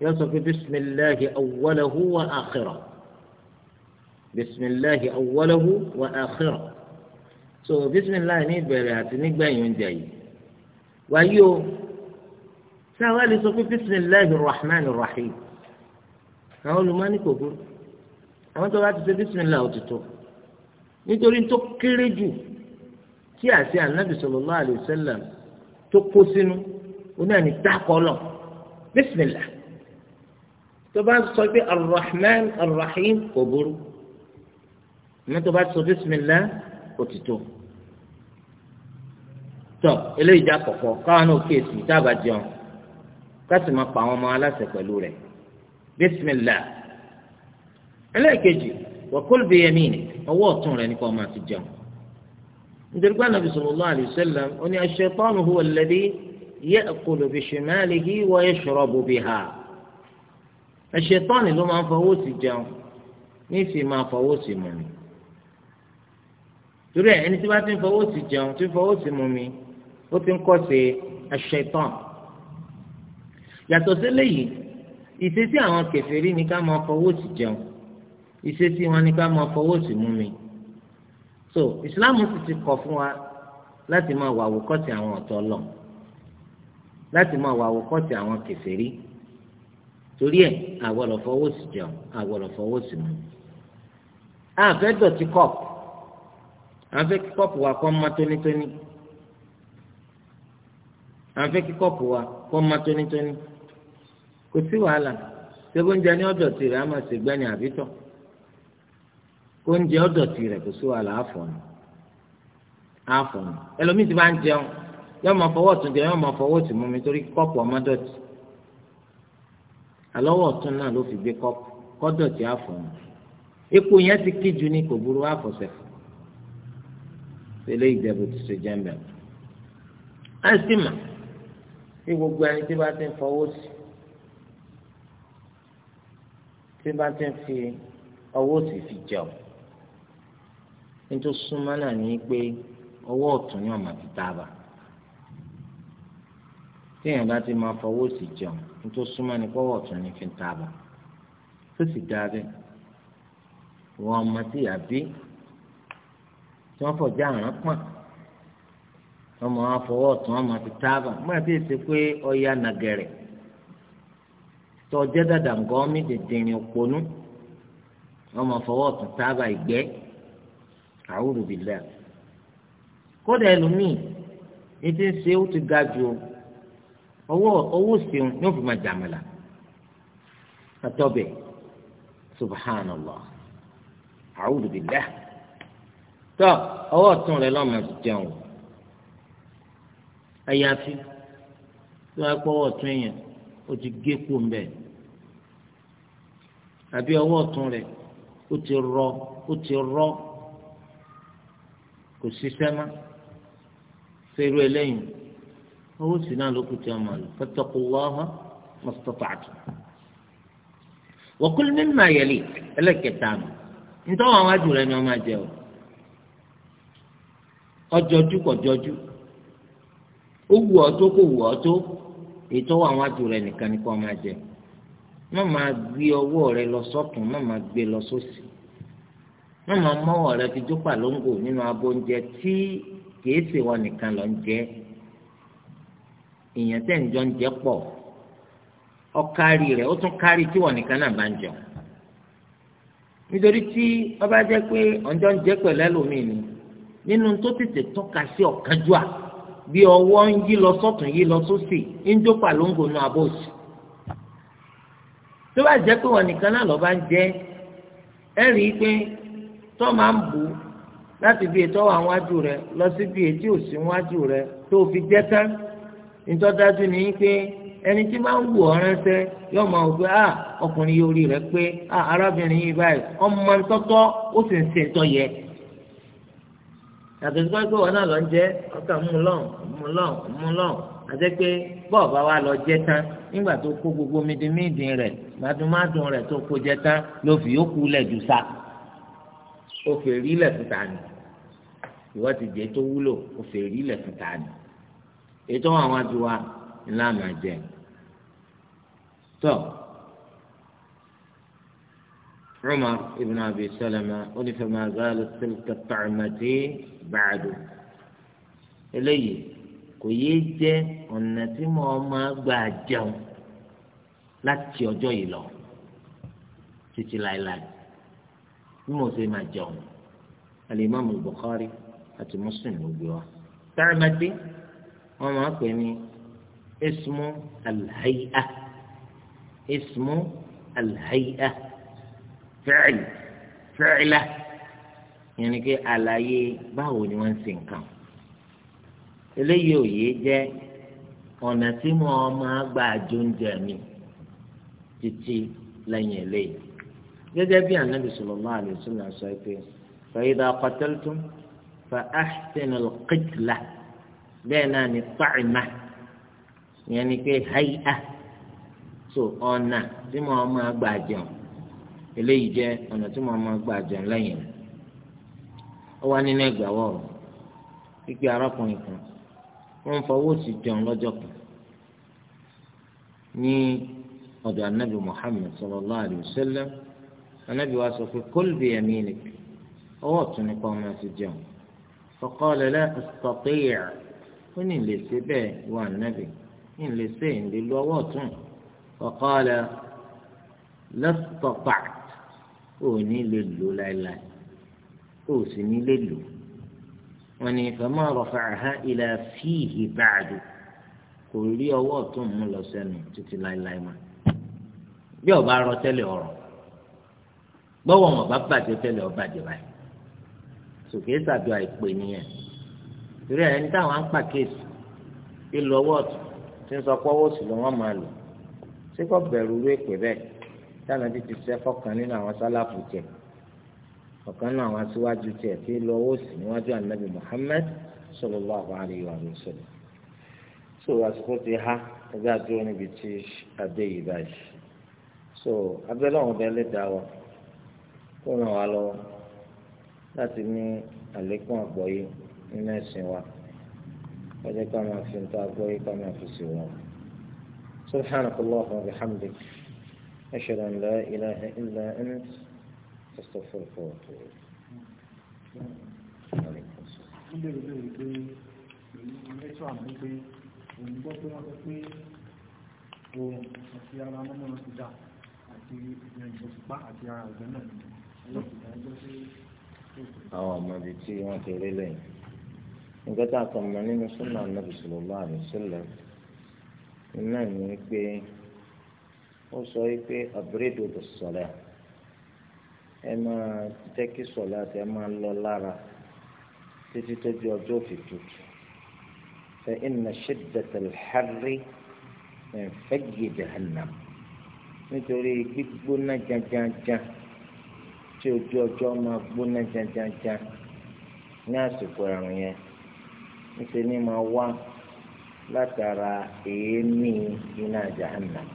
yóò sọ pé bisimilahi awalahu wa akhira bisimilahi awalahu wa akhira so bisimilahi ní ìbẹ̀rẹ̀ àti nígbẹ̀yìn oúnjẹ yìí wáyé o sáwá lè sọ pé bisimilahi rahman rahim àwọn olùmọ́ni kò burú àwọn tó bá ti ṣe bisimilahi òtítọ́ nítorí tó kéré jù tí àti ànábì sallallahu alaihi wasallam tó kó sínú oní àní dákọ lọ bísímìlà tó bá sọ pé arrahman arrahim kò burú ní tó bá sọ bismillah kò ti tó tọ eléyìí já kọkọ káwọn náà kéèsì tábà jẹun kásì máa pa àwọn ọmọ aláṣẹ pẹ̀lú rẹ̀ bismillah ẹlẹ́ẹ̀kejì wọ́kọ́lù bíi ẹ̀mí ni ọwọ́ ọ̀tún rẹ̀ nípa ọmọ àti jẹun nítorí pé anabi sallallahu alayhi wa sallam ó ní ash-shaytanu huwa alladhi ya'kulu bi shimalihi wa yashrabu biha ẹ̀ṣẹ̀tọ́nì ló máa ń fọwọ́ sí jẹun ní ìsìn máa fọwọ́ sí mu mi torí ẹ ẹni tí wọ́n ti ń fọwọ́ sí jẹun tí ń fọwọ́ sí mu mi ó ti ń kọ́ sí ẹ̀ṣẹ̀tọ́n yàtọ̀ sí léyìí ìṣesí àwọn kèfèrí ni ká máa fọwọ́ sí jẹun ìṣesí wọn ni ká máa fọwọ́ sí mu mi so ìsìláàmù sì ti kọ̀ fún wa láti máa wà wòkọ́sí àwọn ọ̀tọ̀ lọ láti máa wà wòkọ́sí àwọn kèfèrí torí ẹ̀ àwọ̀lọ̀ fọwọ́ sí jẹun àwọ̀lọ̀ fọwọ́ sí mu. a fẹ́ dọ̀tí kọ́ọ̀pù a fẹ́ kí kọ́ọ̀pù wa kọ́ mọ́ tónítóní a fẹ́ kí kọ́ọ̀pù wa kọ́ mọ́ tónítóní kò sí wàhálà sẹ́gbóúnjẹ ní ọ̀dọ̀tì rẹ̀ a máa ṣègbẹ́ni àbítọ̀ oúnjẹ ọ̀dọ̀tì rẹ̀ kò sí wàhálà àfọ̀nù àfọ̀nù ẹlòmíì ti bá ń jẹun yọ́ọ́ máa fọwọ́ tún jẹun yọ́ọ́ máa fọwọ́ tì mú mi torí kọ́ọ̀pù ọmọdọ̀tì alọ́wọ́ ọ̀tún náà ló fi gbé kọ́pù kọ́dọ̀ tí a fọ̀ ọ́n epo yẹn ti kí ju kò burú àfọ̀sẹ̀ fún ti ṣe jẹ́mbẹ̀. mà gbogbo ẹni tí bá ti ń fọwọ́ sí tí ti fi ọwọ́ sí fi jẹun nítorí súnmọ́ náà ní pé ọwọ́ ọ̀tún téèyàn bá ti máa fọwọ́ sí jẹun nítorí súnmọ́ ní pọ́wọ́ ọ̀tún ní fi ń taaba tó sì dáa wọn ọmọ tí àbí tí wọ́n fọjá àrán pọ̀n ọmọ wọn fọwọ́ ọ̀tún ọmọ ti taaba mọ́ àti èsì pé ọya nàgẹ̀rẹ̀ tọ́jẹ́ dàdà ńgọ́ mi tètè òponú ọmọ fọwọ́ ọ̀tún taaba ìgbẹ́ àwùrù bìlẹ̀ kódà ẹlòmíì ètò ìṣe ó ti ga jù o. ọwọ́ ọwọ́ sèun ní òfin máa jàmàlà àtọ́bẹ̀ subhanallah a'udhu billah tọ́ ọwọ́ ọ̀tún rẹ lọ́mọ ti jẹun àyàfi tí wọ́n á pọ̀ ọwọ́ ọ̀tún èèyàn ó ti gé kú ń àbí ọwọ́ ọ̀tún rẹ ó ti rọ ó ti rọ kò ṣiṣẹ́ mọ́ ṣerú eléyìí. owó sì náà ló kù tí wọn máa lò fattaqullaha mastata'tum. wa kul mimma yalik jẹ o ètò àwọn àjò rẹ nìkan ni kò máa jẹ má máa gbé ọwọ́ rẹ lọ sọ́tún má nínú tí kìí nìkan lọ ń èèyàn tẹ̀njọ́ ń jẹ pọ̀ rẹ rẹ̀ ó tún kárí tí wọ́n nìkan náà bá ń nítorí tí ọba jẹ́ pé ọ̀njọ́ ń jẹ pẹ̀lú ni nínú tó tètè tọ́ka sí ọ̀kánjúà bí ọwọ́ ń yí lọ sọ́tún yí lọ sósì ń jópa ló ń gònú bá jẹ́ pé wọ́n nìkan náà lọ́ba ń ẹ rí i pé láti bí ètò àwọn wájú rẹ lọ sí bí òsì wájú rẹ tó fi jẹ́ nítọ́dájú ni pé ẹni tí máa ń wù ọ́ ránṣẹ́ yóò máa wù pé a ah, ọkùnrin yóò rí rẹ pé a ah, arábìnrin yìí báyìí ọmọ ntọ́tọ́ ó sì ń ṣe tọ́ yẹ. yàtọ̀ wọn náà lọ ń jẹ ọkà múlọ̀n múlọ̀n múlọ̀n pé bọ́ọ̀bá wa lọ jẹ tán nígbà tó kó gbogbo tó kó jẹ tán ló fi yókù jù sa ti tó wúlò èyí tó wà wájú wa ńlá máa jẹ tó Umar ibn Abi Salama onífẹ̀mọ́ azáàlú tilka ta'amati ba'du eléyìí kò yéé jẹ́ ọ̀nà tí mo máa gbà jẹun láti ọjọ́ yìí lọ títí láéláé bí mo ṣe máa jẹun al Bukhari àti Muslim ló gbé wa ta'amati wọ́n máa pè ní ismu alhay'a ismu alhay'a fẹ́ẹ̀l fẹ́ẹ̀lá yẹn ni pé àlàyé báwo ni wọ́n ń ṣe nǹkan eléyìí òye jẹ́ ọ̀nà tí mo máa gba àjò oúnjẹ mi títí lẹ́yìn eléyìí gẹ́gẹ́ bí anabi sallallahu alaihi wasallam sọ pé fa idha qataltum fa ahsinul qitla. bẹ́ẹ̀ náà ni pàrìmà ìyẹn ni pé háyà so ọ̀nà tí mo máa gbà jẹun eléyìí jẹ́ ọ̀nà tí mo máa gbà jẹun lẹ́yìn rẹ̀ ó wá nínú ẹgbàáwọ̀ pípé arákùnrin kan wọ́n ń fọwọ́ sí jẹun lọ́jọ́ kan ní ọ̀dọ̀ anábì Muhammad sallallahu alayhi wa sallam anábì wa sọ pé ọwọ́ ọ̀tún nípa ọmọ jẹun ó ní lè ṣe bẹ́ẹ̀ wà nábì ní lè ṣe ìlè lu ọwọ́ ọ̀tún ọ̀kọ́lẹ̀ lẹ́sítọ̀pà ò ní lè lò láéláé ò sì ní lè lò wọn ni fama rafa'aha ila fihi ba'du kò rí ọwọ́ ọ̀tún mú lọ sẹ́nu títí láéláé mọ́ bí ọba rọ tẹ́lẹ̀ ọ̀rọ̀ gbọ́wọ́ wọn bá bàjẹ́ tẹ́lẹ̀ ọba jẹ báyìí sòkè sàdúrà ìpè nìyẹn torí ẹni táwọn á ń pàkíyèsí ìlú ọwọ́ ọ̀tún tí ń sọ pé ọwọ́ òsì ló wọ́n máa lò ṣé kò bẹ̀rù rú èpè bẹ́ẹ̀ táwọn ti ti ṣe fọkàn nínú àwọn sálàfù tiẹ̀ ọ̀kan nínú àwọn aṣíwájú tiẹ̀ tí ìlú ọwọ́ òsì níwájú ànábì Muhammad sallallahu alaihi wa sallam so àsìkò ti há ẹgbẹ́ àdúró níbi tí adé yìí báyìí so abẹ́lẹ́ ọ̀hún bẹ́ẹ̀ lè nínú ẹ̀sìn wa ẹ̀jẹ̀ ká máa fi nǹkan àgbọ̀ yìí ká máa fi sí wọn. سبحانك اللهم وبحمدك أشهد أن لا إله إلا أنت أستغفرك وأتوب إليك òyìnbó pé wọ́n sọ pé oòrùn àti ara mọ́mọ́ ti dà àti ìrìnàjò pa àti ara ọ̀gbẹ́ náà ni ẹlẹ́sìn ìdájọ́ sí. àwọn ọmọdé tí wọ́n ti rí lẹ́yìn. nǹkan tá a kàn mọ̀ nínú súnà nàbì sallallahu alaihi wasallam iná ní pé ó sọ pé abúrédò tó sọlẹ ẹ máa jẹ́ kí sọlẹ àti ẹ máa lọ lára títí tó di ọjọ́ òfì tutù fa inna shiddatal harri min fayyi jahannam nítorí gbígbóná janjanja tí ojú ọjọ́ máa gbóná janjanja ní àsìkò ẹ̀rùn yẹn níṣẹ́ ni máa wá látara èémí iná jahannam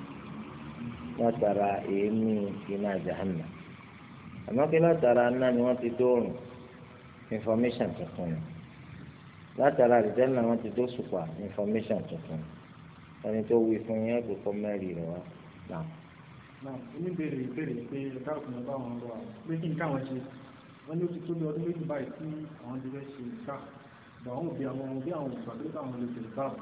látara èémí iná jahannam àmọ́ kí látara náà ni wọ́n ti dóorùn information tuntun ni látara àdìjẹ́nà wọn ti dóṣùpà information tuntun ẹni tó wí fún yẹn kò kọ́ mẹ́rin rẹ̀ wá náà. náà oníbèrè ìbéèrè pé ẹ̀ka òkùnrin bá wọn lọ àwọn pé kí nǹkan àwọn ṣe wọn ní ó ti tó bí ọdún méjì báyìí tí àwọn ti fẹ́ ṣe nǹkan àwọn òbí àwọn ọmọ bí àwọn òbí àti àwọn olùsèlú báwò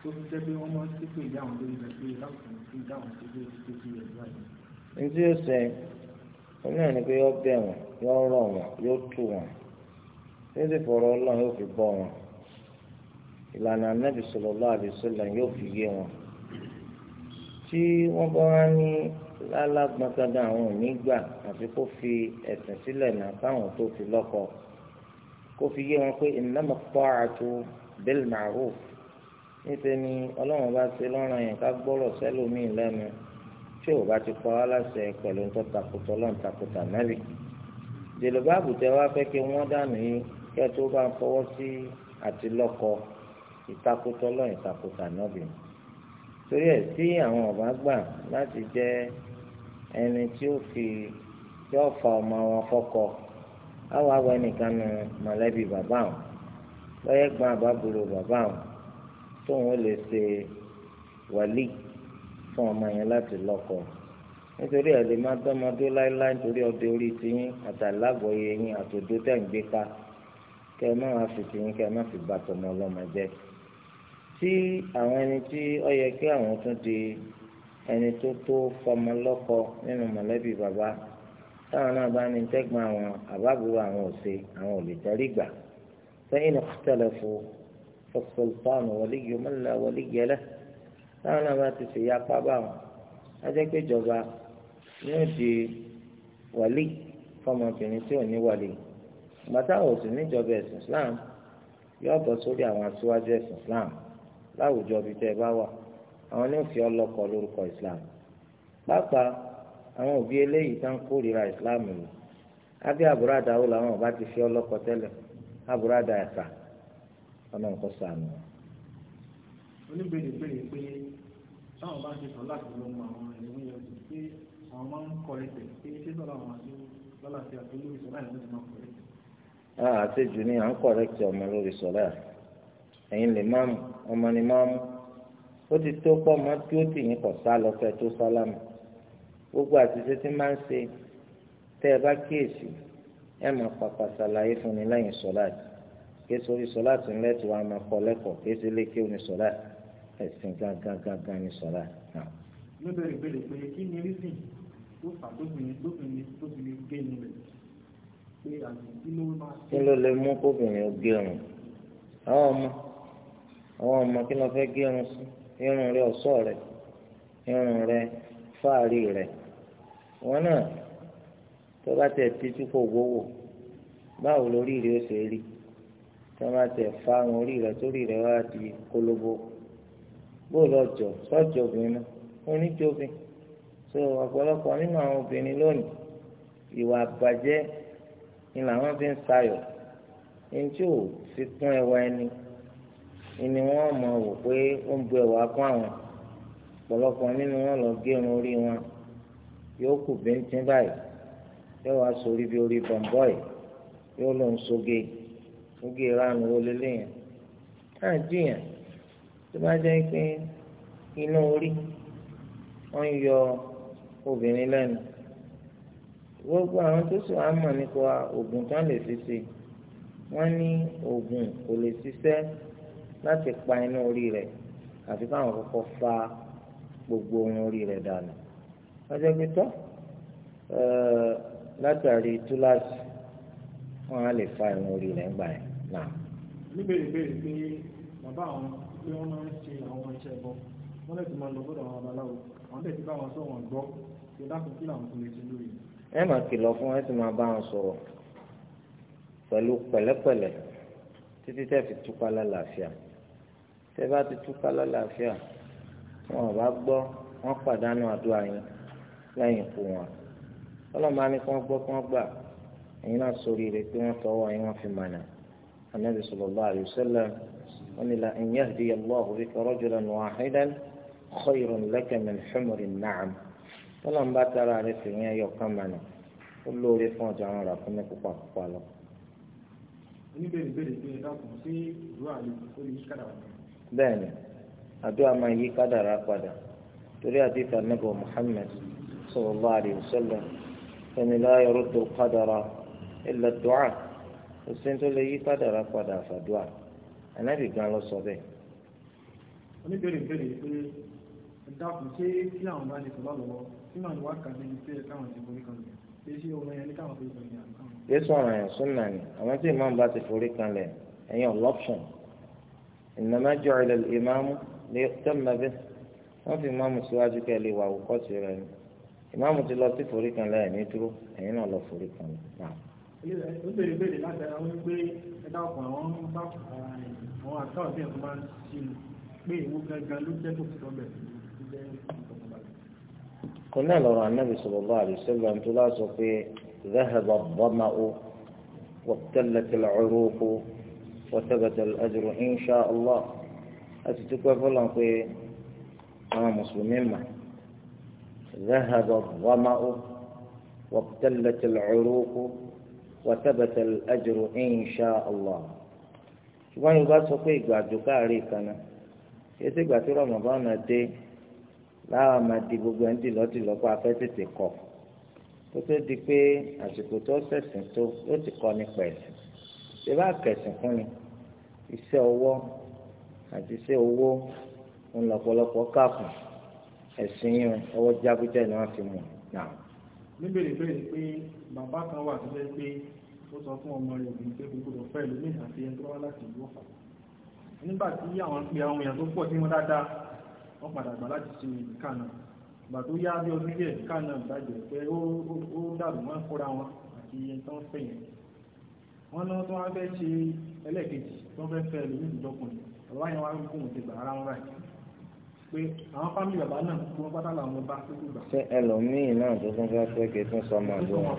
tó fi jẹ́ pé wọ́n máa ń sípè ìyá àwọn lórí rẹ̀ pé láwùjọ sí ìdá àwọn tó gbé tó fi rẹ̀ báyìí. ní tí yóò sẹ wọn náà ni pé yóò bẹ̀ wọ́n yóò rọ̀ wọ́n yóò tù wọ́n yóò sì fọ̀rọ̀ Ọlọ́run yóò fi bọ́ wọn ìlànà anábì sallallahu alaihi wasallam yóò fi yé wọn tí wọ́n bá wá ní lálágbọ̀n kankan àwọn ò ní gbà àfi kó fi ẹ̀sìn sílẹ̀ náà káwọn tó fi lọ́kọ̀ọ́ kó fi yé wọn pé innama ta'atu bil ma'ruf níṣẹ́ ni ọlọ́run bá ṣe lọ́rùn yẹn ká gbọ́rọ̀ sẹ́lómìn lẹ́nu tí ò bá ti pa á láṣẹ pẹ̀lú ń tọ́takùtọ̀ lọ́n takùtà nábì. jèlòbá àbùtẹ́ wá fẹ́ kí wọ́n dànù yín kí ẹ tó bá ń fọwọ́ sí àti lọ́kọ ìtakùtọ̀ lọ́n ìtakùtà nábì. torí ẹ̀ tí àwọn ọ̀bá gbà láti jẹ́ ẹni tí ó fi yọ fa ọmọ wọn fọ́kọ àwọn awọ ẹnìkan nu mọ̀lẹ́bí bàbá àwọn lọ́yẹ̀ gbọ́n àbábúrò bàbá àwọn tóun ó lè ṣe wàlí fún ọmọ yẹn láti lọ́kọ nítorí ẹ̀ lè má dọ́mọdé láéláé nítorí ọdẹ orí tiyín àtàlágbọ̀ọ́yẹ yín àtòdó tẹ̀ ń gbé ká kẹ́ ẹ má wá fi tiyín kẹ́ má fi bàtọ̀ mọ́ ọlọ́mọ jẹ́ tí àwọn ẹni tí ó yẹ kí àwọn tún di ẹni tó tó fọmọ lọ́kọ nínú mọ̀lẹ́bí bàbá táwọn náà bá ní tẹ́gbọ́n àwọn àbábúrò àwọn òsè àwọn ò lè darí gbà fẹ́yìn ikhtalafu fas-sultanu waliyyu man la waliyya lahu táwọn náà bá ti ṣe ya pábà wọn ajẹ́ pé ìjọba ni ó di wàlí fọmọbìnrin tí ò ní wàlí gbàtà òsì níjọba ẹ̀sìn Islam yóò bọ́ sórí àwọn aṣíwájú ẹ̀sìn Islam láwùjọ bíi tẹ́ ẹ bá wà àwọn ní òfin ọlọ́kọ lórúkọ Islam pàápàá àwọn òbí eléyìí tá ń kórìíra ìsìláàmù ni abẹ́ àbúradà wo làwọn ọba ti fi ọlọ́kọ tẹ́lẹ̀ àbúradà ẹ̀ka ọ̀nà nǹkan sànù. oníbèrè béèrè pé táwọn bá ń ṣe sọ láti lọ mọ àwọn ẹ̀rọ yẹn kù pé àwọn máa ń kọ ẹsẹ̀ pé ṣé sọ́dọ̀ àwọn àti lọ́la ti àti olórí sọ́lá ìlú ti máa kọ ẹsẹ̀. àtẹ̀jù ni à ń kọ̀rẹ́kì ọmọ lórí sọ́lá ẹ̀yin lè máàmù ọmọ ni máàmù ó ti tó pọ́ mọ́ tí ó tì yín kọ̀ sá lọ tó sálámù gbogbo àtúnṣe tí máa ń ṣe tẹ́ ẹ bá kíyèsí ẹ máa pàpà ṣàlàyé fún ni lẹ́yìn sọ́láàtì kéésì orí sọ́láàtì ńlẹ́ tí wàá máa kọ́ lẹ́kọ̀ọ́ kéésì lékè oní sọ́láàtì ẹ̀sìn gángan gángan ní sọ́láàtì. ló bẹ̀rẹ̀ ìbéèrè pé kí ni rísìn tó fà lóbìnrin lóbìnrin tó fi lè gé irun rẹ̀ pé àmì kí ló máa. kí ló lè mú kóbìnrin ó gé àwọn ọmọ àwọn ọmọ kí ló fẹ́ gé sí irun rẹ̀ ọ̀ṣọ́ rẹ̀ irun rẹ̀ fáàrí rẹ̀ wọn náà tó bá tẹ̀ títí kò gbowó báwo lórí rẹ̀ ó ṣe rí tó bá tẹ̀ fa àwọn orí rẹ̀ sórí rẹ̀ wá di kólóbó bóòlù ọjọ́ sọ́jọ́ obìnrin náà oníjọ́bìn so ọ̀pọ̀lọpọ̀ nínú àwọn obìnrin lónìí ìwà àbàjẹ́ ni làwọn fi ń sayọ̀ ntí ò fi kún ẹwà ẹni ni wọ́n mọ̀ wò pé ó ń bu ẹwà kún àwọn ọ̀pọ̀lọpọ̀ nínú wọn lọ gé irun orí wọn yóò kù bíntín báyìí yóò wá sórí bí orí bọ̀m̀bọ́ì yóò lọ ń soge oge ìranu wọlé lẹ́yìn náà jiyàn tó bá jẹ́ pé iná orí wọ́n ń yọ obìnrin lẹ́nu gbogbo àwọn tó sọ àmọ́ nípa oògùn tán lè fi ṣe wọ́n ní oògùn kò lè ṣiṣẹ́ láti pa iná orí rẹ̀ àfi káwọn kọ́kọ́ fa gbogbo ohun orí rẹ̀ dànù ọjọ́ pítọ́ látàrí túláàsì wọn á lè fa ìwọn orí rẹ̀ gbà yẹn náà. níbèrè béèrè pé bàbá àwọn pé wọ́n máa ń ṣe àwọn iṣẹ́ bọ́ wọ́n lè ti máa lọ gbọ́dọ̀ àwọn babaláwo àwọn lè ti bá wọn sọ̀wọ́n gbọ́ kí dákun kí làwọn kò lè ṣe lórí. ẹ máa kìlọ̀ fún ẹ sì máa bá wọn sọ̀rọ̀ pẹ̀lú pẹ̀lẹ́pẹ̀lẹ́ títí tẹ́ fi túká lálàáfíà tẹ́ bá ti túká lálàáfíà wọn ò bá gbọ́ wọn pàdánù àdúrà yẹn lẹ́yìn ikú wọn ọlọ́mọ àni kí wọ́n gbọ́ kí wọ́n gbà ẹ̀yin náà sọ rírẹ pé wọ́n tọwọ́ ẹ̀yin wọ́n fi mànà anabi sallallahu alayhi wa sallam wọ́n ní la in yahdiya Allahu bika rajulan wahidan khayrun laka min humri na'am ọlọ́mọ bá tara rẹ fi yẹn yọ kán mànà ó lóore fún ọjà wọn rà fún mi púpà púpà lọ. bẹ́ẹ̀ni àdúrà máa yí kádàrá padà torí àdìsá nàbọ Muhammad صلى الله عليه وسلم أن لا يرد القدر إلا الدعاء والسنة اللي قدر قدر فدعاء أنا بيقال له صديق oníbèrè bèrè pé ẹdáàkùn ṣé tí àwọn bá lè sọlá lọ́wọ́ tí màá wá kàdé ní pé káwọn ti forí kanlẹ̀ pé ṣé ọmọ yẹn ní káwọn forí kanlẹ̀ àbí káwọn. yéésù ọ̀ràn yẹn súnà ni àwọn tí ìmáàmù bá ti forí kanlẹ̀ ẹ̀yìn ọ̀lọ́pṣọ̀n innama ju'ila al-imamu liyu'tamma bihi wọ́n fi ìmáàmù síwájú kẹ́ lè wà òkọ́sí rẹ̀ ni ìmáàmù ti lọ sí forí kan lẹ́yìn ní dúró ẹ̀yin náà lọ forí kan náà. ó bèrè bèrè láti ara wọn pé ẹ̀dá ọkọ̀ àwọn bá àwọn àtàwọn bí ẹ̀kọ́ máa ń ṣe pé ìwú gangan ló jẹ́ kó fi tọ́ kò náà lọ́rọ̀ anábì sallallahu alaihi wasallam tó láṣọ pé ذهب الظمأ وابتلت العروق وثبت الأجر إن شاء الله àti tó pẹ́ fọlọ́n pé àwọn mùsùlùmí mà ذهب الظمأ وابتلت العروق وثبت الأجر إن شاء الله ṣùgbọ́n yorùbá sọ pé ìgbà àjòká rí ìkànnà ètò ìgbà tí rọmọbọ́n náà dé láwọn máa di gbogbo ẹni tí lọ́tì lọ́pọ̀ afẹ́ tètè kọ̀ tó tó di pé àsìkò tó ṣẹ̀sìn tó ó ti kọ́ nípa ẹ̀sìn ṣé bá kẹ̀sìn fún ni iṣẹ́ ọwọ́ àti iṣẹ́ owó ń káàkùn ẹ̀sìn yín ọwọ́ jágútẹ́ ni wọ́n fi mú náà. níbèrè bẹ́ẹ̀ pé bàbá kan wà tó jẹ́ pé ó sọ fún ọmọ rẹ̀ obìnrin pé gbogbo lọ fẹ́ lómi àti ẹni tó wá láti ìlú ọ̀fà nígbà tí àwọn pe àwọn èèyàn tó pọ̀ sí wọn dáadáa wọ́n padà gbà láti ṣe ìdíkà náà ìgbà tó yá bí ọdún díẹ̀ ìdíkà náà gbàjẹ́ pé ó dàrú wọn kóra wọn àti ẹni tó ń fẹ́ yẹn wọ́n ní tó wá fẹ́ ṣe ẹlẹ́ẹ̀kejì tó fẹ́ fẹ́ lómi ìdíjọkùnrin ọ̀rọ̀ pé àwọn fámìlì bàbá náà kí wọ́n pátá làwọn bá tó gbà. ṣé ẹlòmíì náà tó tún fẹ́ fẹ́ kí tún sọmọ àjọ wọn.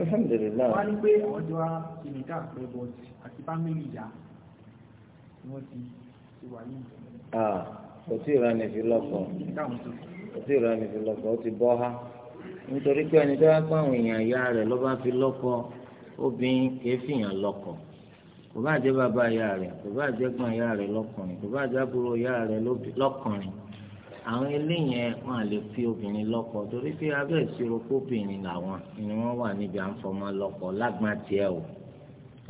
alhamdulilayi. wọ́n á ní pé àwọn jọ wá kìnìkà pé bọ́ọ̀tì àti fámìlì ìyá ni wọ́n ti ti wà ní ìjọba. kò tí ì rán ni fi lọ́kọ̀ kò tí ì rán fi lọ́kọ̀ ó ti bọ́ ha nítorí pé ẹni tó bá pàwọn èèyàn ìyá rẹ̀ ló bá fi lọ́kọ̀ obìnrin kì í fìyàn lọ́kọ̀ kò bá jẹ́ bàbá ìyá rẹ̀ kò bá jẹ́ gbọ́n ìyá rẹ̀ lọ́kùnrin kò bá jẹ́ àbúrò ìyá rẹ̀ lọ́kùnrin àwọn eléyẹn wọn lè fi obìnrin lọ́kọ torí pé abẹ́ ìṣirò kóbìnrin làwọn ni wọ́n wà níbi à ń fọmọ lọ́kọ lágbọ́n tiẹ̀ o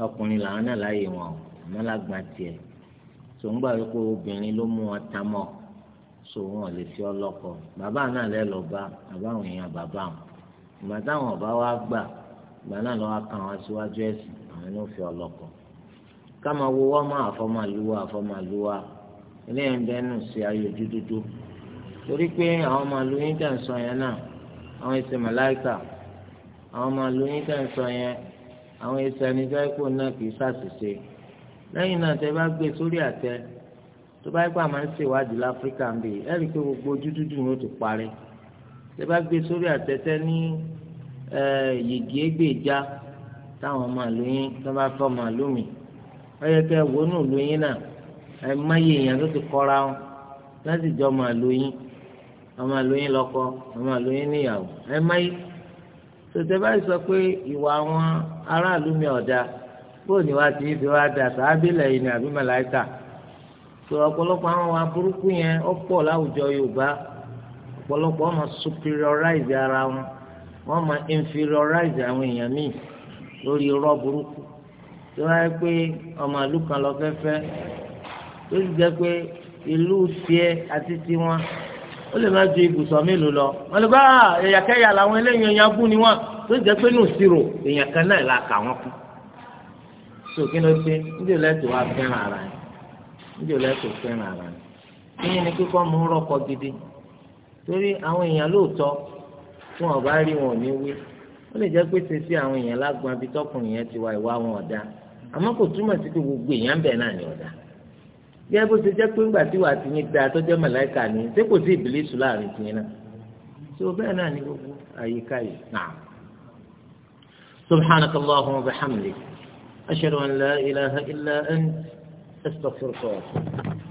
ọkùnrin làwọn náà láàyè wọn o àmọ́ lágbọ́n tiẹ̀ tó ń gbà wípé obìnrin ló mú wọn tamọ́ so wọn lè fi ọ lọ́kọ bàbá náà lẹ́ lọ bá bàbá àwọn èèyàn bàbá wọn ìgbà táwọn ọba wa gbà ìgbà náà lọ́wọ́ kan wá síwájú ẹ̀sìn àwọn ló fi ọ lọ́kọ kama máa wo wá máa àfọmọ àlùwà àfọmọ àlùwà eléyìí ń bẹnu sí ayò dúdúdú torí pé àwọn ọmọ àlùyìn tẹ̀ ń sọ yẹn náà àwọn ẹsẹ̀ màláìkà àwọn ọmọ àlùyìn tẹ̀ ń sọ yẹn àwọn ẹsẹ̀ anidọ́ẹ́kù náà kì í ṣàṣìṣe lẹ́yìn náà tẹ bá gbé sórí àtẹ tó bá gbà máa ń ṣèwádìí láfíríkà ń bì í pé gbogbo ojú ni ó ti parí tẹ bá gbé sórí àtẹ́tẹ́ ní yìgì égbèjà táwọn ọmọ àlùyìn tó bá fọ́ màlúù mi ọyẹ na wọnú lóyún náà ẹ má yẹ èèyàn tó ti kọra wọn láti jọ máa lóyún ọmọ àlóyún lọ́kọ ọmọ àlóyún níyàwó ẹ má yẹ tòtẹ báyìí sọ pé ìwà àwọn aráàlú mi ọ̀dà bó ni wàá ti fi wàá dà sàábì lẹ́yìn ní àbí tó ọ̀pọ̀lọpọ̀ àwọn wa burúkú yẹn ó pọ̀ láwùjọ Yorùbá ọ̀pọ̀lọpọ̀ ọmọ superiorize ara wọn inferiorize àwọn èèyàn míì lórí irọ́ burúkú tó wáyé pé ọmọ ìlú kan lọ fẹ́fẹ́ tó sì jẹ́ pé ìlú tiẹ̀ àti tiwọn ó lè má ju ibùsọ̀ mélòó lọ wọn lè bá ẹ̀yàkẹ́yà ah, làwọn eléyìí ẹ̀yàn bú ni wọn tó sì jẹ́ pé nù sírò èèyàn kan náà la kà wọ́n kú tó kí ló dé níjò lẹ́tọ̀ wá fẹ́ràn ara yẹn níjò lẹ́tọ̀ fẹ́ràn ara yẹn kí ni kíkọ́ mú rọ́kọ gidi torí àwọn èèyàn lóòótọ́ tí wọn rí wọn ò ní wí ó lè jẹ́ pé ṣe sí àwọn èèyàn lágbọn abitọ́kùnrin yẹn ti wá ìwà wọn ọ̀dá àmọ́ kò túmọ̀ sí pé gbogbo èèyàn bẹ̀ náà ni ọ̀dà bí ẹ bó ṣe jẹ́ pé ńgbà tí wàá ti ní da tó jẹ́ ni ṣé kò sí ìbílísù láàrin tìyẹn náà tó bẹ́ẹ̀ náà ni gbogbo àyíká yìí náà. سبحانك اللهم وبحمدك أشهد أن لا إله إلا أنت أستغفرك وأتوب